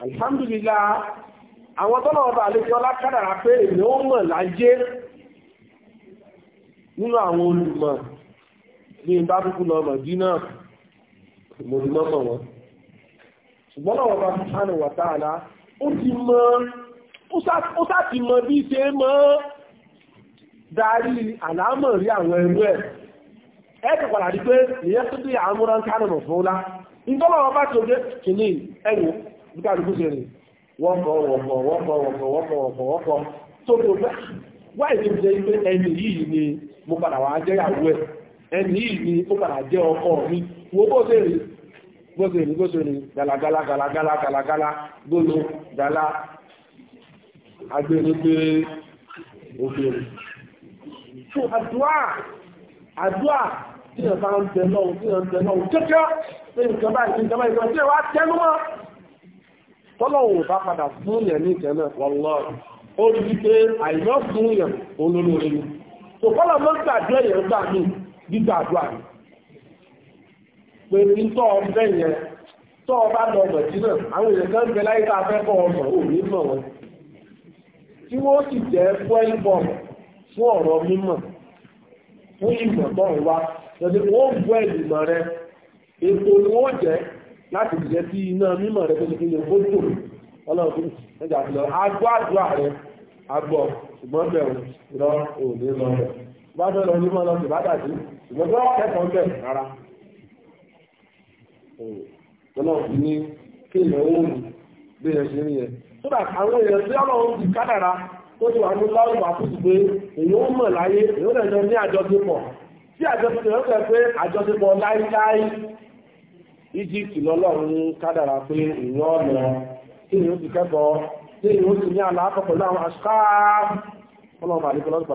alhamdulillah àwọn tọ́lọ̀ ọba àlejò ọlá kádàrá pé èmi ó mọ̀ láyé nínú àwọn olùmọ̀ ní bá kúkú lọ Mọ̀dínà mo ti mọ́mọ̀ wọn ṣùgbọ́n lọ́wọ́ bá sánà wà táàlá ó ti bí ṣe mọ́ darí àlámọ̀ rí àwọn ẹ̀ padà rí pé ìyẹ́ tó àmúra ń kánà mọ̀ fún ọlá bá kìíní nígbà tó ṣe wọ́pọ̀ wọ́pọ̀ wọ́pọ̀ wọ́pọ̀ wọ́pọ̀ wọ́pọ̀ tó ẹni ìlú ó padà jẹ́ ọkọ mi wo bó ṣe rí bó ṣe rí bó ṣe rí galagala galagala galagala gbólo gala agbèrègbè òbèrè so àdúà àdúà tí wọ́n bá ń bẹ lọ́wọ́ tí wọ́n ń bẹ lọ́wọ́ kẹ́kẹ́ pé nǹkan báyìí tí nǹkan báyìí tí wọ́n ti wá tẹnu mọ́ tọ́lọ́wọ́ bá padà fún yẹn ní ìtẹ́ náà wọ́lọ́ ó rí pé àìmọ́ fún yẹn olólórí ni so kọ́lọ̀ mọ́ gbàdúrà yẹn gbà míì gbígbà àdúrà ni pé nítọ́ ọbẹ̀ yẹn tọ́ ọba lọ ọ̀nà tí náà àwọn èèyàn kan gbẹ láyé tá a fẹ́ kọ́ ọmọ òní mọ̀ wọn tí wọ́n sì jẹ́ fuel bomb fún ọ̀rọ̀ mímọ̀ fún ìmọ̀ tó ń wá lọ́dẹ wọ́n bu ẹ̀dùnmọ̀ rẹ epo ni wọ́n jẹ́ láti jẹ́ sí iná mímọ̀ rẹ tó ti fi lè gbógbò ọlọ́run ẹjà fi lọ agbó àdúrà rẹ agbọ̀ ṣùgbọ́n ṣùgbọ́n tó kẹ́kọ̀ọ́ bẹ̀ rárá ọlọ́run ní kí ilẹ̀ oòrùn bí ẹ ṣe ń yẹ tó dà àwọn èèyàn tí ọlọ́run ti kádàrá tó ti wà ní láwùjọ àkóso pé èyí ó mọ̀ láyé èyí ó lè jọ ní àjọṣepọ̀ tí àjọṣepọ̀ yóò fẹ́ pé àjọṣepọ̀ láíláí Egypt lọ́lọ́run kádàrá pé èyí ọ̀nà tí èyí ó ti kẹ́kọ̀ọ́ tí èyí ó ti ní àlàáfọ̀ pẹ̀lú àwọn àṣkáà ọlọ́run àdékọ́lọ́sọ̀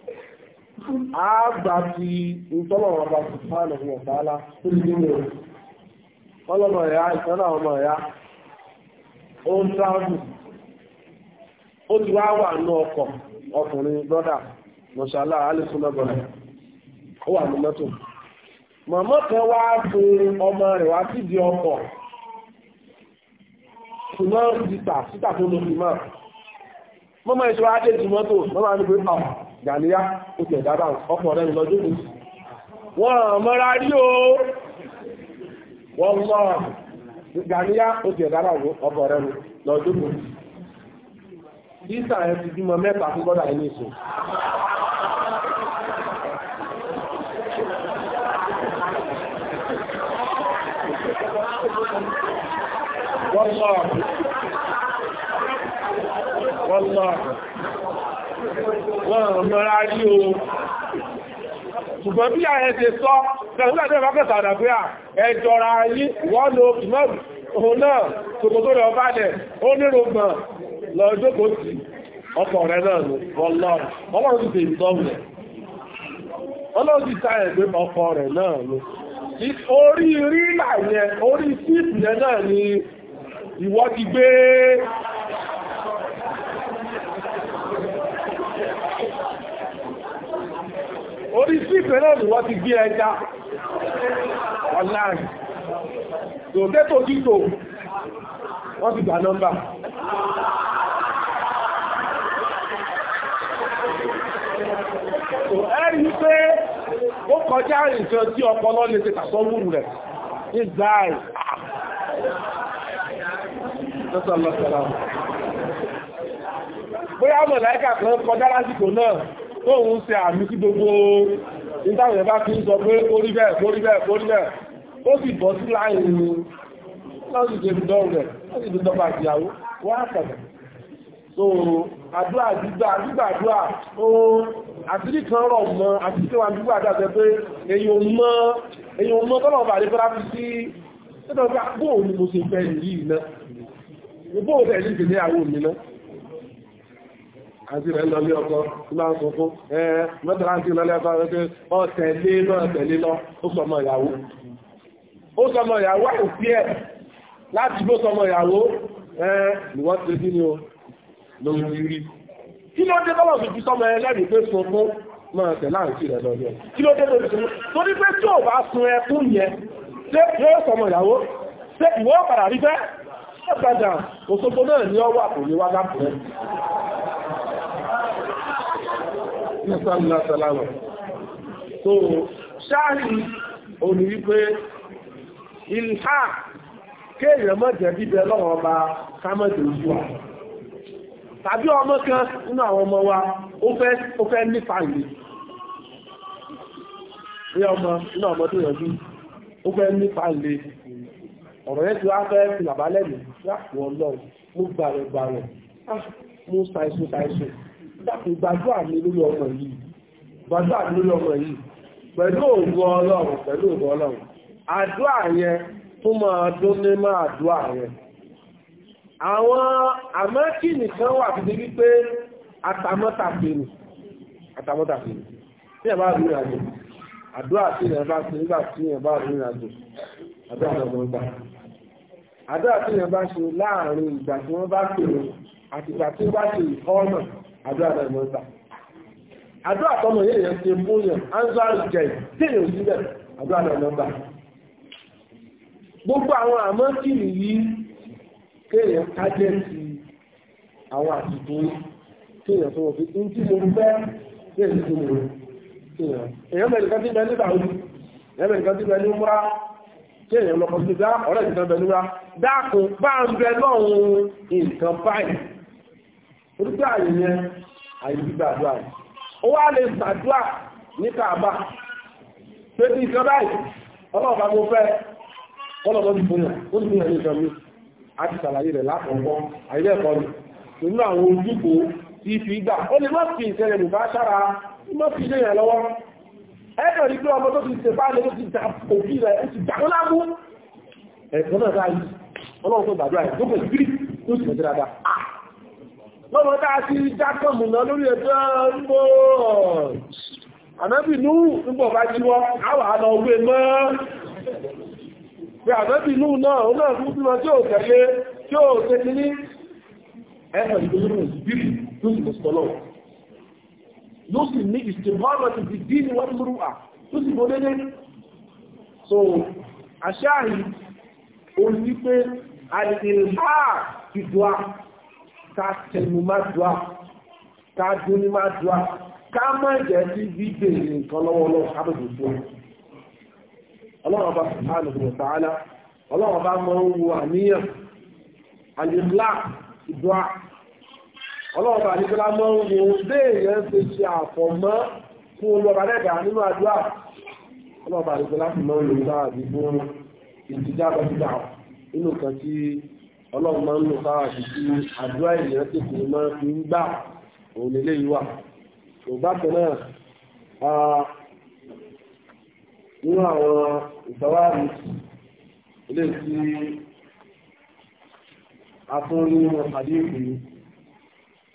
àgbà ti ìtọ́lọ̀wọ̀n bá ti fánà fún ọ̀tàálá tó ní nínú rẹ̀ ọlọ́mọ ẹ̀yà ìtọ́nà ọmọ ẹ̀yà ó ń tráàbù ó ti wá wà ní ọkọ̀ ọkùnrin brọ́dà mọ̀ṣálá alẹ́sùn lọ́gbọ̀nà ó wà ní mọ́tò màmá kan wá fún ọmọ rẹ̀ wá sí di ọkọ̀ ṣùgbọ́n títà títà tó lọ sí máa mọ́mọ́ ìṣòro adé ti mọ́tò mọ́mọ́ àdúgbò gàníyá ó ti ẹ̀dá báwọn ọkọ̀ rẹ̀ lọ́jọ́ ní wọ́n mọ́ra rí o wọ́n mọ́ gàníyá ó ti ẹ̀dá báwọn ọkọ̀ rẹ̀ lọ́jọ́ ní ìsà ẹ̀ ti bímọ mẹ́ta fún ilé Wọ́n wọ́n rọra rí o ṣùgbọ́n bí ààrẹ ṣe sọ ṣẹ̀rúnlẹ̀ ìbákẹ̀ta àdàgbé à ẹjọ́ra yí wọ́n lo ìmọ̀bù òun náà tòkòtò rẹ̀ ọba dẹ̀ ó nírògbọ̀n lọ jókòó sí ọkọ̀ rẹ̀ náà lọ ọlọ́run ọlọ́run ti tèmi sọ́ọ̀lẹ̀ ọlọ́run ti ta ẹ̀gbẹ́ ọkọ̀ rẹ̀ náà lọ orí rí làyẹn orí síìpù yẹn náà ni ìwọ ti gbé ti sí ìpẹ̀lẹ̀ ìwọ́ ti gbé ẹja online tó tẹ́tò títò wọ́n ti gbà nọ́mbà tó ẹ́rí pé ó kọjá ìṣẹ́ tí ọpọlọ lè ṣe tàṣọ́wùrù rẹ̀ ní zai Bóyá mọ̀ láìkà kan kọjá lásìkò náà tóun ṣe àmì sí gbogbo ìtàwọn ẹ̀bá fi ń sọ pé orí bẹ́ẹ̀ orí bẹ́ẹ̀ orí bẹ́ẹ̀ ó sì bọ́ sí láàrin ni wọ́n sì ṣe dùdọ́ rẹ̀ wọ́n sì dùdọ́ bá ìyàwó wọ́n á sọ̀rọ̀ so àdúrà gbígbà gbígbàdúrà ó àtìrí kan rọ̀ mọ́ àti tí wọ́n gbígbà dáṣẹ pé èyàn mọ́ èyàn mọ́ tọ́lọ̀ bàdé fẹ́ra fi sí tọ́lọ̀ bá bóòlù mo ṣe fẹ́ yìí náà bóòlù ẹ̀ ní ìgbéléyàwó mi náà àti rẹ̀ lọlé ọkọ máa sọ fún ẹ̀ẹ́ mẹ́tàlá àti lọlé ọkọ rẹ̀ ọ̀tẹ̀lé náà tẹ̀lé lọ ó sọmọ ìyàwó ó sọmọ ìyàwó àìsí ẹ̀ láti bó sọmọ ìyàwó ẹ̀ẹ́ ìwọ́n ti rí ni o lórí rírí kí ló dé bọ́lọ̀ fi sọmọ ẹlẹ́rìí pé sọ fún máa tẹ̀lá àti rẹ̀ lọlé ọkọ kí ló dé lórí sọ torí pé tí ò bá sun ẹkún yẹn ṣé yóò sọmọ ìyàwó ṣé ìwọ́ padà rí bẹ́ẹ̀ ọ̀gbàjà òṣogbo náà ní ọwọ́ àpò nìsàlùmá sàlámà so ṣáàrí òní wípé ìlhà kéèyàn mọ́jẹ̀ bíbẹ̀ lọ́wọ́ ọba kámọ́jẹ̀ ojú wa tàbí ọmọ kan nínú àwọn ọmọ wa ó fẹ́ nípa ìlú rí ọmọ nínú ọmọ tó yọjú ó fẹ́ nípa ìlú ọ̀rọ̀ yẹn ti wá fẹ́ fi làbálẹ̀ mi láàpọ̀ ọlọ́run mo gbàrẹ̀gbàrẹ̀ ah, mo ṣàìṣù ṣàìṣù dákùn gbàdúrà mi lórí ọmọ yìí gbàdúrà mi lórí ọmọ yìí pẹ̀lú ògo ọlọ́run pẹ̀lú ògo ọlọ́run àdúrà yẹn tó máa dún ní máa dúà yẹn àwọn àmọ́kìnì kan wà fi wípé àtàmọ́tàfèrè àtàmọ́tàfèrè tí ẹ̀ bá rí ìrìnàjò àdúrà tí ẹ̀ bá ṣe nígbà tí ẹ̀ bá rí ìrìnàjò àdúrà tó gbọ́n gbà àdúrà tí ẹ̀ bá ṣe láàrin ìgbà tí wọ́n bá pèrè àti ìgbà tí wọ́n bá ṣe ìkọ́ àdúrà náà ni ó gbà àdúrà tọ́mọ yẹ́ yẹn ti mú yẹn jẹ tí èèyàn sí àdúrà náà ni gbogbo àwọn àmọ́ yí kájẹ́ sí àwọn àtìkú kéèyàn tó wọ́n fi ń tí mo fẹ́ tó mo èèyàn mẹ́rin kan ti bẹ ní sàwọn kan ti bẹ ní múra sí ọ̀rẹ́ ìtàn bẹ ní múra bá ń bẹ nǹkan báyìí orúkọ àyè yẹn ó wá lè gbàdúrà báyìí ọlọ́ọ̀bá mo fẹ́ ọlọ́ọ̀bá fún yàn ó yàn ní mi a ti rẹ̀ nínú àwọn ojúbò ti fi gbà ó lè ìṣẹ̀lẹ̀ ó ilé yàn lọ́wọ́ rí pé ọmọ tó ti ṣe báyìí ló ti rẹ̀ ó ti dà ó ẹ̀kọ́ náà ọlọ́run lọ́mọ tá a ti dákọ̀mù náà lórí ẹjọ́ ńgbò ànábì nú nígbò bá jíwọ́ àwà lọ gbé mọ́ pé ànábì nú náà ó náà fún bímọ tí ó tí ó tẹ́ ti ní ẹ̀fẹ̀ ìgbòlórí ìbírí lórí ká tẹnu má dùá ká dúní má dùá ká má jẹ́ sí bíbèrè nǹkan lọ́wọ́lọ́wọ́ kábòdò fún ọlọ́run bá subhanahu wa ta'ala ọlọ́run bá mọ ń wo àníyàn àlèmlá ìdúà ọlọ́run bá nígbà mọ ń wo béèyàn ṣe ṣe àfọ̀mọ́ fún olùwàbá dẹ́gà nínú àdúrà ọlọ́run bá nígbà láti mọ ń lò ní àdúgbò ìdíjà lọ́dúnjà nínú kan tí ọlọ́run máa ń lò sára sí sí àdúrà ènìyàn tí kò máa fi ń gbà òun lélẹ́ yìí wà kò bá kan náà nínú àwọn ìtawárí ilé tí a fún ní àdé ìpè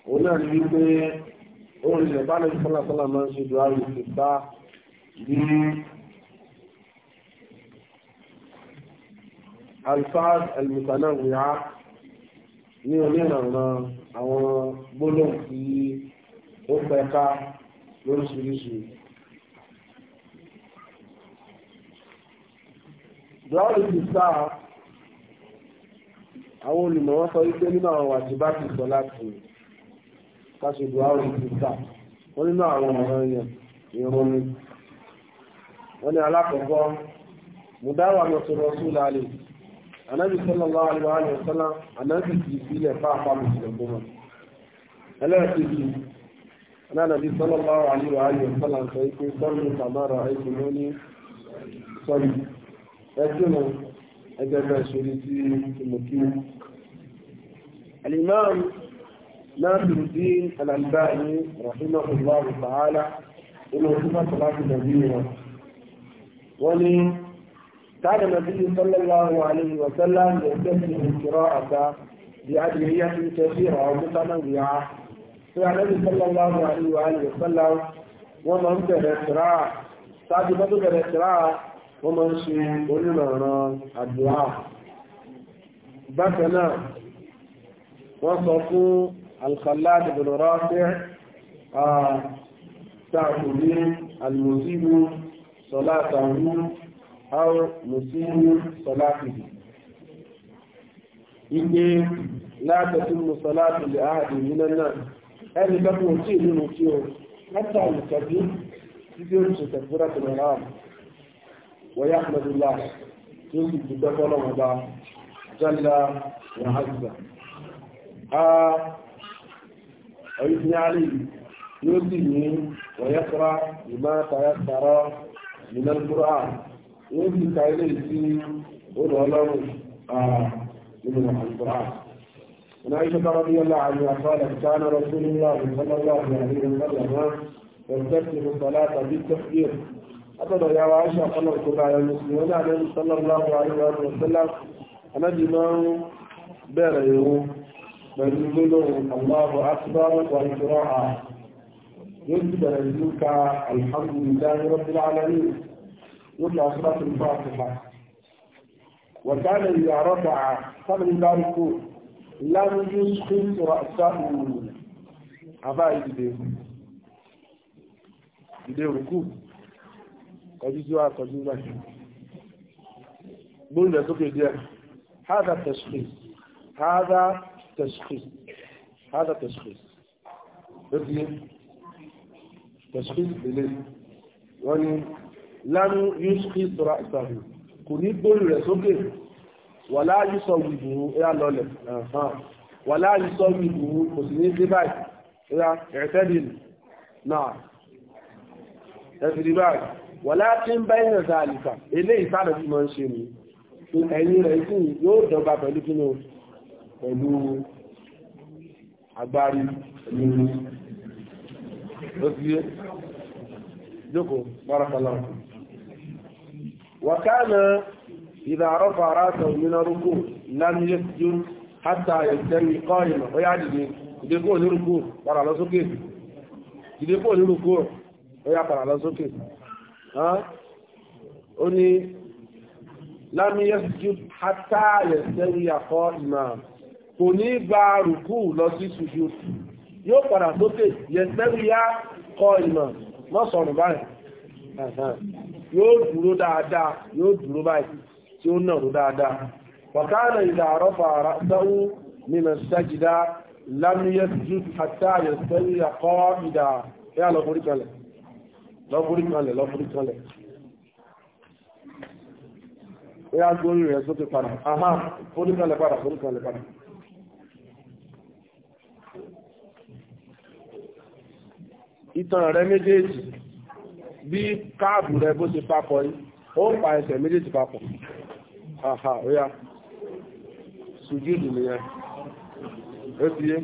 òun náà ní wípé òun lè bá lè sọ́lá sọ́lá máa ń ṣe dùn àrùn ìgbà bí alfaz almutanawwi'a ní oníranran àwọn gbólóhùn tí ó pẹ̀ka lóríṣiríṣi. Dọ́ọ̀lù ti sáà àwọn olùmọ̀ wọ́n sọ wípé nínú àwọn wàjíbá ti sọ láti káṣùdù àwọn ìpìta wọ́n nínú àwọn ọ̀rọ̀ yẹn ìrọ̀rùn wọ́n ní alákọ̀ọ́kọ́ mùdáwà mọ̀tòrọ̀sùn lálẹ́ anábì sọ́lọ́lá àríwáàrí ọ̀sọ́lá anábì ti ìpínlẹ̀ fáfá mùsùlùmí ẹlẹ́ẹ̀kejì anábì sọ́lọ́lá àríwáàrí ọ̀sọ́lá sọ pé sọ́lù tàbára ẹ̀kùn ló ní sọ́lù ẹjọ́nà ẹgbẹ̀gbẹ̀ ìṣòrí tí tìmọ̀kí alimam nasiruddin al-albani rahimahullahu ta'ala inú ọdún mọ́tàlá ti dàbí wọn wọ́n ní كان النبي صلى الله عليه وسلم يستسلم القراءة بأدعية كثيرة ومتنوعة فعل النبي صلى الله عليه وآله وسلم ومن بالإقراء سابقا بالإقراء ومن شيء ولمعنى الدعاء بكنا وصفوا الخلاد بن رافع آه تعبدين المسيب صلاته àwọn mùsùlùmí sọláfìdì ìgbé látàtún mùsọláfìdì ààdì nínú náà ẹni lọ́pọ̀ tí ìlú mú kí o mẹ́ta ìtàbí títí ó ṣe tẹ̀fúrà tó lọ́rọ̀ wọ́yá àmàdùlá tó sì dùgbẹ́ fọ́lọ́ wọn bá jálá wọn hàzùgbà ọ̀yí ní àlè yóò sì ní wọ́yá sọ́rọ̀ ìmọ̀ tàyà sọ́rọ̀ ìmọ̀ wọ́n bí ìta ilé ìsí olú ọlọ́run nínú àkùrá ọ̀nà ìṣẹ́ rọ́bí ọlá àmì àfọ́lẹ̀ tánà rọ́sùnlá ìfọ́lọ́wọ́ àmì àríwá sọ́lọ́mọ́ pẹ̀lú sọ́lá tàbí tẹ́fíẹ̀ látọ̀dọ̀ ya wa aṣọ ọlọ́run tó bára mùsùlùmí ọlá àmì sọ́lọ́láwọ́ àríwá sọ́lá anábì máa ń bẹ̀rẹ̀ ìwọ pẹ̀lú gbólóhùn aláwọ̀ akíbáwọ̀ wà ìṣòro ti bẹ̀rẹ̀ ìlú lórí àṣírátì nípa àtìmá wọ̀dánà ìyà rọ́bà sábẹ̀ ìbárikó lámújú sí ìrọ̀ àṣáàmù àbá ìdìdè ìdè rùkú kọjú tí wá kọjú náà gbóòlẹ̀ sókè díẹ̀ hádà tẹ̀sùkì hádà tẹ̀sùkì hádà tẹ̀sùkì lórí tẹ̀sùkì ìdílé wọ́n ni lánú yusufi sọ́ra ìsàbí kò ní gbórí rẹ̀ sókè wà láàyè sọ wìbù ẹ̀yà lọlẹ̀ wà láàyè sọ wìbù kò sì ní dé báyìí ẹ̀yà ẹ̀tẹ́dì náà ẹ̀fìdì báyìí wà láti ń bá ẹ̀yàn dáàlìkà eléyìí sáà lọ́dún máa ń ṣe ni ẹ̀yìn rẹ̀ sì yóò dọ́gba pẹ̀lú kí ni pẹ̀lú agbárí وكان إذا رفع رأسه من الركوع لم يسجد حتى يستوي قائما ويعجز يدقوه للركوع ورا على سكه يدقوه للركوع ويقرأ على سكه ها أني لم يسجد حتى يستوي قائما kò ní gba rùkú lọ sí sùjú yóò padà sókè yẹ̀sẹ̀rí yá kọ ìmọ̀ mọ́sọ̀rọ̀ báyìí yóò dúró dáadáa yóò dúró báyìí tí ó nàró dáadáa wàkánà ìdá àrọ́fà sáwú nínú sájìdá lámúyẹ́ jù àtàyẹ̀ sẹ́yìn àkọ́ ìdá yá lọ́kùnrin kalẹ̀ lọ́kùnrin lọ́kùnrin ya gbórí rẹ̀ sókè padà aha padà padà ìtàn méjèèjì bí káàbù rẹ bó ti papọ̀ yìí ó pa ẹsẹ̀ méjèèjì papọ̀ àhà óyá sùjúdù nìyẹn ó ti yé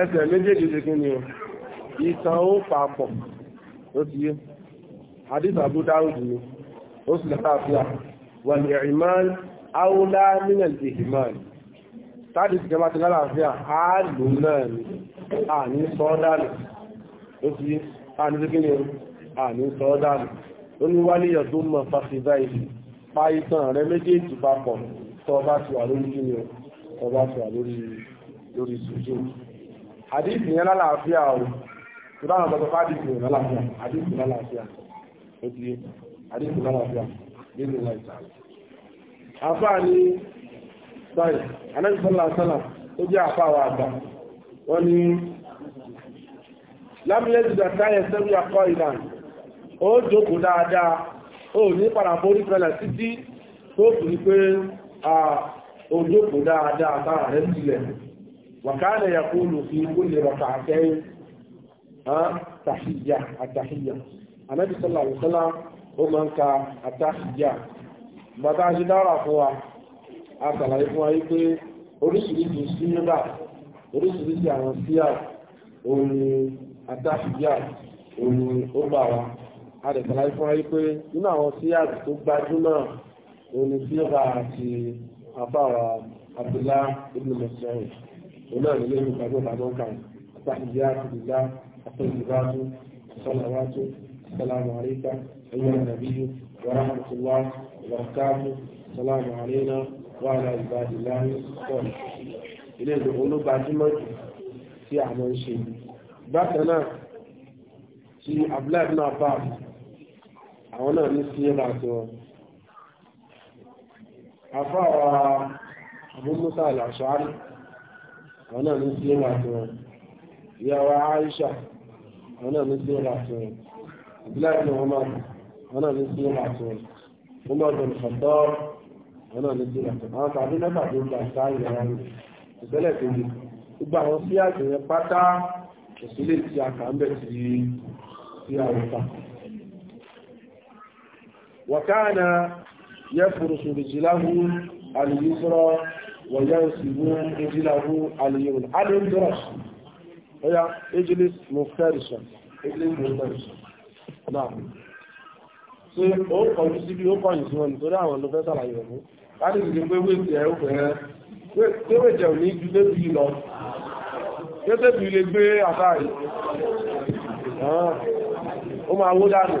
ẹsẹ̀ méjèèjì ti kí ni o ìtàn ó papọ̀ ó ti yé hadith Abu Dawud ni ó sì láàfíà wà ní ìrìmán áúlá nínú ìhìmán tàbí ti kẹma ti lálàáfíà áàlù náà ni a ní sọ́ọ́dà nì ó ti yé a ní sí kí ni o àní sọ́ọ́dánù ó ní wálé ọdún mọ̀ fàṣíbá ìlú pa itan rẹ méjèèjì papọ̀ tó bá ti wà lórí kíni o tó bá ti wà lórí lórí sùjú àdìsí yẹn lálàáfíà o tó bá wọn tọ́tọ́ fàdìsí yẹn lálàáfíà àdìsí lálàáfíà ó ti yé àdìsí lálàáfíà nínú ìlàjà àfáàní báyìí anábìsọ́lá sọ́lá ó jẹ́ àfáà wa àgbà wọ́n ní lámìlẹ́dìdà táyẹ̀ sẹ́wí akọ́ ìlànà ó jókòó dáadáa ó ní padà borí pẹ̀lẹ̀ títí tó fi ní pé ó jókòó dáadáa sára rẹ̀ sílẹ̀ wàkánà yàkúlù fi kúlè rọ̀kà àtẹ́yìn àtàhíyà àtàhíyà anábì sọ́lá àwùsọ́lá ó máa àwọn síyà òun ni àtàhíyà òun ó gbà wa adẹ̀sàlàyé fún ayé pé nínú àwọn sí àti tó gbajúmọ̀ òní tí ó bá àti àbáwà abdullá ibn mọ̀sán òun náà nílé ìlú gbàgbọ́ bàbọ́n kan àti ìyá àtìlá àti ìbájú sọlọ́wájú sọlọ́wọ́ àríkà ẹ̀yọ́ nàbíyú wàràhàtúwá wàràkàmù sọlọ́wọ́ àríná wàhálà ìbàdí láàrín sọ̀rọ̀ ilé ìlú olúgbàjúmọ̀ tí àwọn ń ṣe bákan àwọn náà ní sí àti wọn afáwa abúmúsà àlàṣáárì àwọn náà ní sí ẹ̀dà àti wọn ìyàwó Aisha àwọn náà ní sí àti wọn Abdullahi bin àwọn náà ní sí àti wọn Umar àwọn náà ní sí àti wọn àwọn tàbí tó gba ìbẹ́lẹ̀ kejì gbogbo àwọn sí àgbẹ̀rẹ̀ pátá وكان يفرش رجله اليسرى وينسب رجله اليمنى على الفراش هي اجلس مفترشا اجلس مفترشا نعم ṣe ó kọjú síbi ó kọjú sí wọn nítorí àwọn ló fẹ́ sàlàyé ọ̀hún láti ìdí pé wéèkì ẹ̀ ó fẹ́rẹ́ wéèkì ẹ̀ ò ní ju débi lọ débi lè gbé àtàrí ó máa wó dànù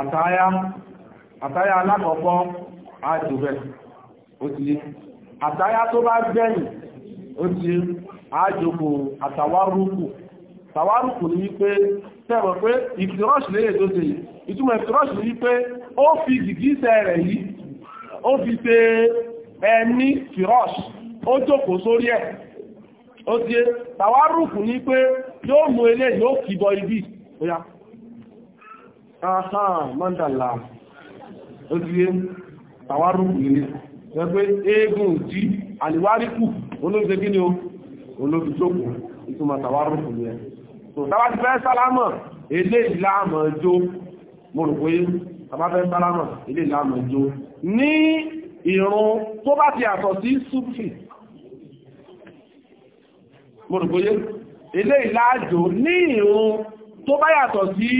àtáyá àtáyá alákọ̀ọ́kọ́ àjòbẹ̀ ó ti àtáyá tó bá gbẹ̀yìn ó ti àjòkò àtàwárùkù tàwárùkù ní wípé tẹ́rọ pé ìfìrọ́ṣì lè tó ṣe ìtumọ̀ ìfìrọ́ṣì ní wípé ó fi gìgísẹ̀ rẹ̀ yìí ó fi ṣe ẹni fìrọ́ṣì ó jókòó sórí ẹ̀ ó ti tàwárùkù ní pé yóò mú eléyìí ó kìbọ ibi ó yá àhá mọ́ndàlá ó ti yé tàwárùkù nílé ẹgbẹ́ eégún tí àlìwárìkù olóògbé kí ni o olóògbé jókòó ìtumọ̀ tàwárùkù ni ẹ so tàbá ti fẹ́ sálámọ̀ ilé ìlàmọ̀ jó mọ̀rùkú yé tàbá fẹ́ sálámọ̀ ilé ìlàmọ̀ jó ní ìrun tó bá ti àtọ̀ sí súfì mọ̀rùkú yé ilé ìlàjò ní ìrun tó bá yàtọ̀ sí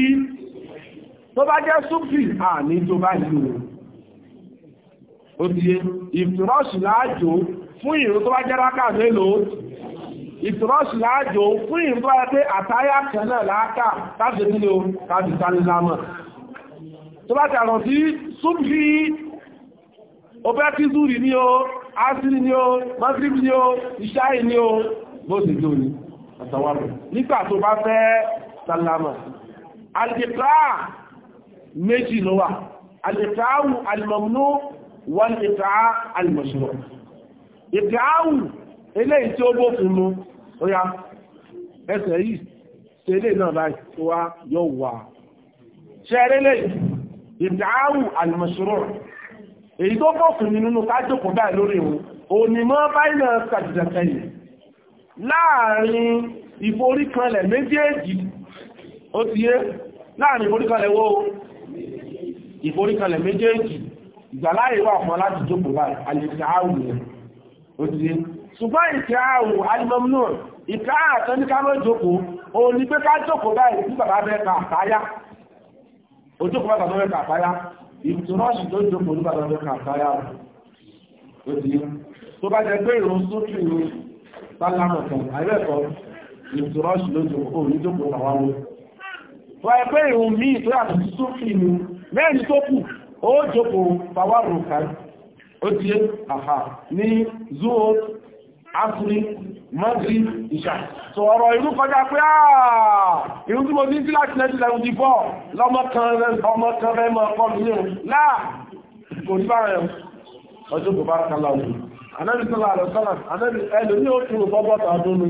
tó bá jẹ́ súfì àní tó bá yìí o ti yé ìfìrọ́ṣì láàjò fún ìrún tó bá jẹ́ rákà mélòó ìtìrọ́ṣì láàjò fún ìrún tó bá jẹ́ pé àtáyà kẹ́lẹ̀ láàkà láti nílò láti sánilámọ̀ tó bá tààrọ̀ sí súfì ọbẹ́ tí zúrì ní o asìrì ní o magrib ní o ìṣáì ní o bó ti jò ní àtàwàrù nígbà tó bá fẹ́ sánilámọ̀ alìkìtà méjì ló wà alìtàáwù alìmọ̀múnú wọ́n ìtàá alìmọ̀ṣùrọ̀ ìtàáwù eléyìí tí ó bófin mú ó yá ẹsẹ̀ yìí tẹ́lẹ̀ náà báyìí tó wá yóò wà ṣẹ́rẹ́lẹ̀ ìtàáwù alìmọ̀ṣùrọ̀ èyí tó bófin nínú kájòkó báyìí lórí òun onímọ̀ báyìí náà ìforíkalẹ̀ méjèèjì ìgbàláyè wà fún aláti jókòó báyìí àlèkà áwù yẹn ó ti yé ṣùgbọ́n ìkà áwù alimọ́mù náà ìkà àtọ́ ní ká mọ́ jókòó òun ni pé ká jókòó báyìí tí bàbá bẹ́ẹ̀ ka àtáyá ojókòó bàbá bẹ́ẹ̀ ka àtáyá ìtúrọ́ọ̀ṣì tó jókòó ní bàbá bẹ́ẹ̀ ka àtáyá ó ti yé tó bá sókè ní mẹ́rin tó kù ó jókòó fàwárò kan ó ti àhà ní zoo afri magri ìṣà tó ọ̀rọ̀ ìlú kọjá pé àà ìlú tí mo ní sí láti lẹ́jì lẹ́rùn ti bọ́ lọ́mọ kan rẹ̀ mọ́ ọkọ̀ mi nìyàn láà kò ní bá rẹ̀ ọjọ́ kò bá kálá òun anábì sọ́lá àlọ́sọ́lá anábì ẹlò ní ó tún bọ́bọ́ta ọdún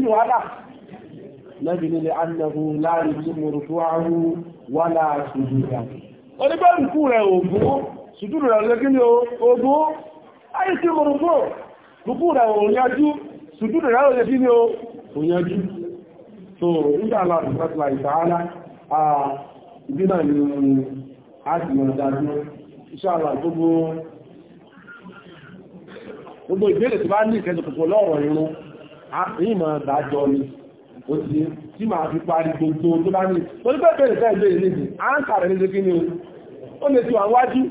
ní wọn lẹ́bìnrin lè ánàbù láàrin tí mo rò fún àrùn wà láàrin ṣùgbọ́n rẹ̀. ó ní bẹ́ẹ̀ rùkú rẹ̀ ògún ṣùgbọ́n rẹ̀ lẹ́kí ni ògún ayé tí mo rò fún rùkú rẹ̀ òyànjú ṣùgbọ́n rẹ̀ lẹ́kí ni òyànjú so nígbà láti pẹ́tìlá ìtàhálà ìbínà ni a ti mọ̀ dájú ìṣàlá gbogbo gbogbo ìbéèrè tí bá ní ìkẹ́jọ pẹ̀pọ̀ lọ́rọ̀ irun àti ìmọ̀ ó ti tí máa fi parí gbogbo tó bá ní onípẹ́bẹ̀rẹ̀ fẹ́ ìgbé ìlébì áńkàrẹ̀ ní ṣe kí ni ó lè ti wà wájú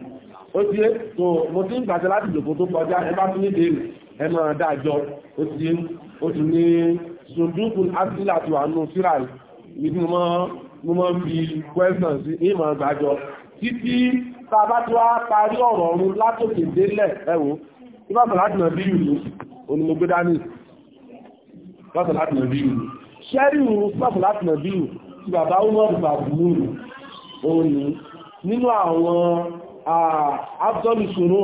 ó ti é tó mo ti ń gbàṣẹ láti lòpó tó kọjá ẹ bá tún ní bèèrè ẹ máa dájọ ó ti é ó ti ní ṣùndúkù asílà tó wà nù síra yìí ni mo mọ́ fi kwẹ́sàn sí ìmọ̀ gbàjọ títí tá a bá tí wá parí ọ̀rọ̀ ọ̀run látòkè délẹ̀ ẹ̀wò ìbáṣọ̀ láti nà bí ìlú ṣẹ́rí ìrùn sáfù láti mọ̀ bí i bàbá umar babur òní nínú àwọn abdul suru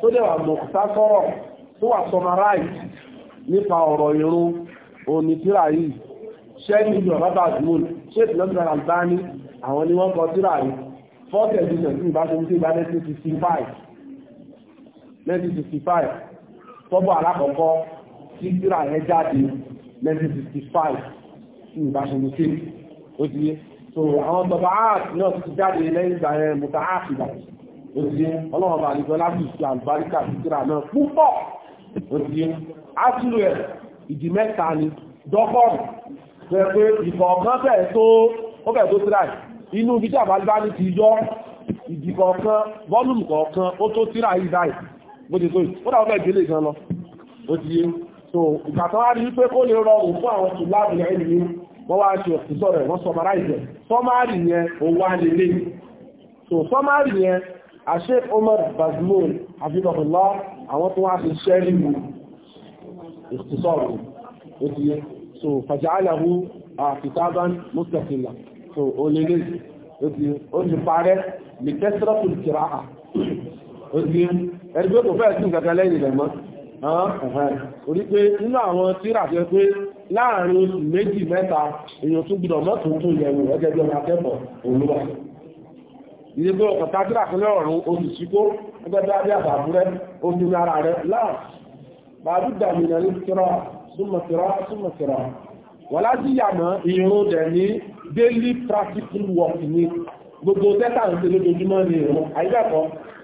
tó dẹ̀wà mọ̀kútákọ́rọ̀ tó wà sọmaráì nípa ọ̀rọ̀ ìrun òní tíra yìí ṣẹ́rí ìrùn bàbá babur ṣé ìtìlọ́gbọ̀n albani àwọn ni wọ́n kọ tíra yìí fourth edition tí ìbá ṣe ń tí ìbá 1965 1965 tọ́bọ̀ alákọ̀ọ́kọ́ tí tíra yẹn jáde 1965 ìbáṣẹ̀lú sí ó ti yé so àwọn tọba áàtì náà ti jáde lẹ́yìn ìgbà yẹn mọ̀ta áàtì ìgbà ó ti yé ọlọ́wọ́ bá nìkan láti ṣe àlùbáríkà títírà náà púpọ̀ ó ti yé átúrò ẹ̀ ìdí mẹ́ta ni dọ́kọ̀rù pẹ̀ pé ìkọ̀ọ̀kan fẹ̀ tó ó fẹ̀ tó tíra inú ibi tí àbálibáni ti yọ ìdí kọ̀ọ̀kan bọ́ọ̀lù kọ̀ọ̀kan ó tó tíra yìí báyìí bó ti tó yìí ó dà ó fẹ́ gbélé gan lọ ó ti yé so ìgbàtọ́ wá rí pé kó lè rọrùn fún àwọn tó láàbù ní ẹni wọ́n wá ṣe òkúsọ rẹ̀ wọ́n sọmaráìsẹ̀ sọmárì yẹn ó wá nílé so sọmárì yẹn àṣẹ Omar Bazmoul àfihànlá àwọn tó wá fi ṣẹ́rí mu òkúsọ rẹ̀ ó ti yẹ so fàjáàlàhù àfitában mustafila so ó lélẹ̀ ó ti parẹ́ lè kẹ́sìrọ́pù kìráà ó ti yẹ ẹni pé kò fẹ́ẹ̀ sí nǹkan kan lẹ́yìn rẹ̀ mọ́ orí pé nínú àwọn tíra jẹ́ pé láàrin oṣù méjì mẹ́ta èèyàn tún gbọ́dọ̀ mọ́ tuntun yẹ̀wò ẹgbẹ́ bí ọmọ akẹ́kọ̀ọ́ olúwa ilé pé ọ̀pọ̀ta tíra kan lọ́rùn oṣù síkó ẹgbẹ́ bí abẹ́ àbàbúrẹ́ oṣù nára rẹ̀ láà bá dúdà mìíràn ní tíra súnmọ̀tíra súnmọ̀tíra wà láti yàmọ́ ìrún dẹ̀ ní daily practical work ní gbogbo tẹ́tà ń ṣe lójoojúmọ́ ní ìrún àyíkẹ́kọ̀ọ́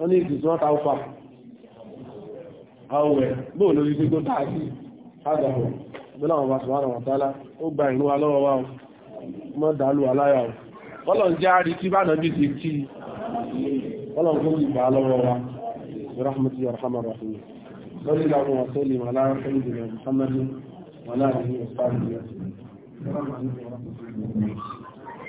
wọ́n ní ìdìsí wọ́n ta ọpa àwẹ̀ bóò lórí tí tó dáa sí àgbàwọ̀ bẹ́lá wọn bá sọ wà náà tálá ó gba ìlú alọ́wọ́ wa mọ́ dàálù aláyà ọ̀ ọlọ́n jẹ́ àrí tí bá nàbí ti kí ọlọ́n kó sì bá lọ́wọ́ wa rahmatu yarhamar rahim lórí ìlànà wọn sẹ́lì màlá ẹ̀ńdìnà muhammadu wàlá àdìyẹ sáà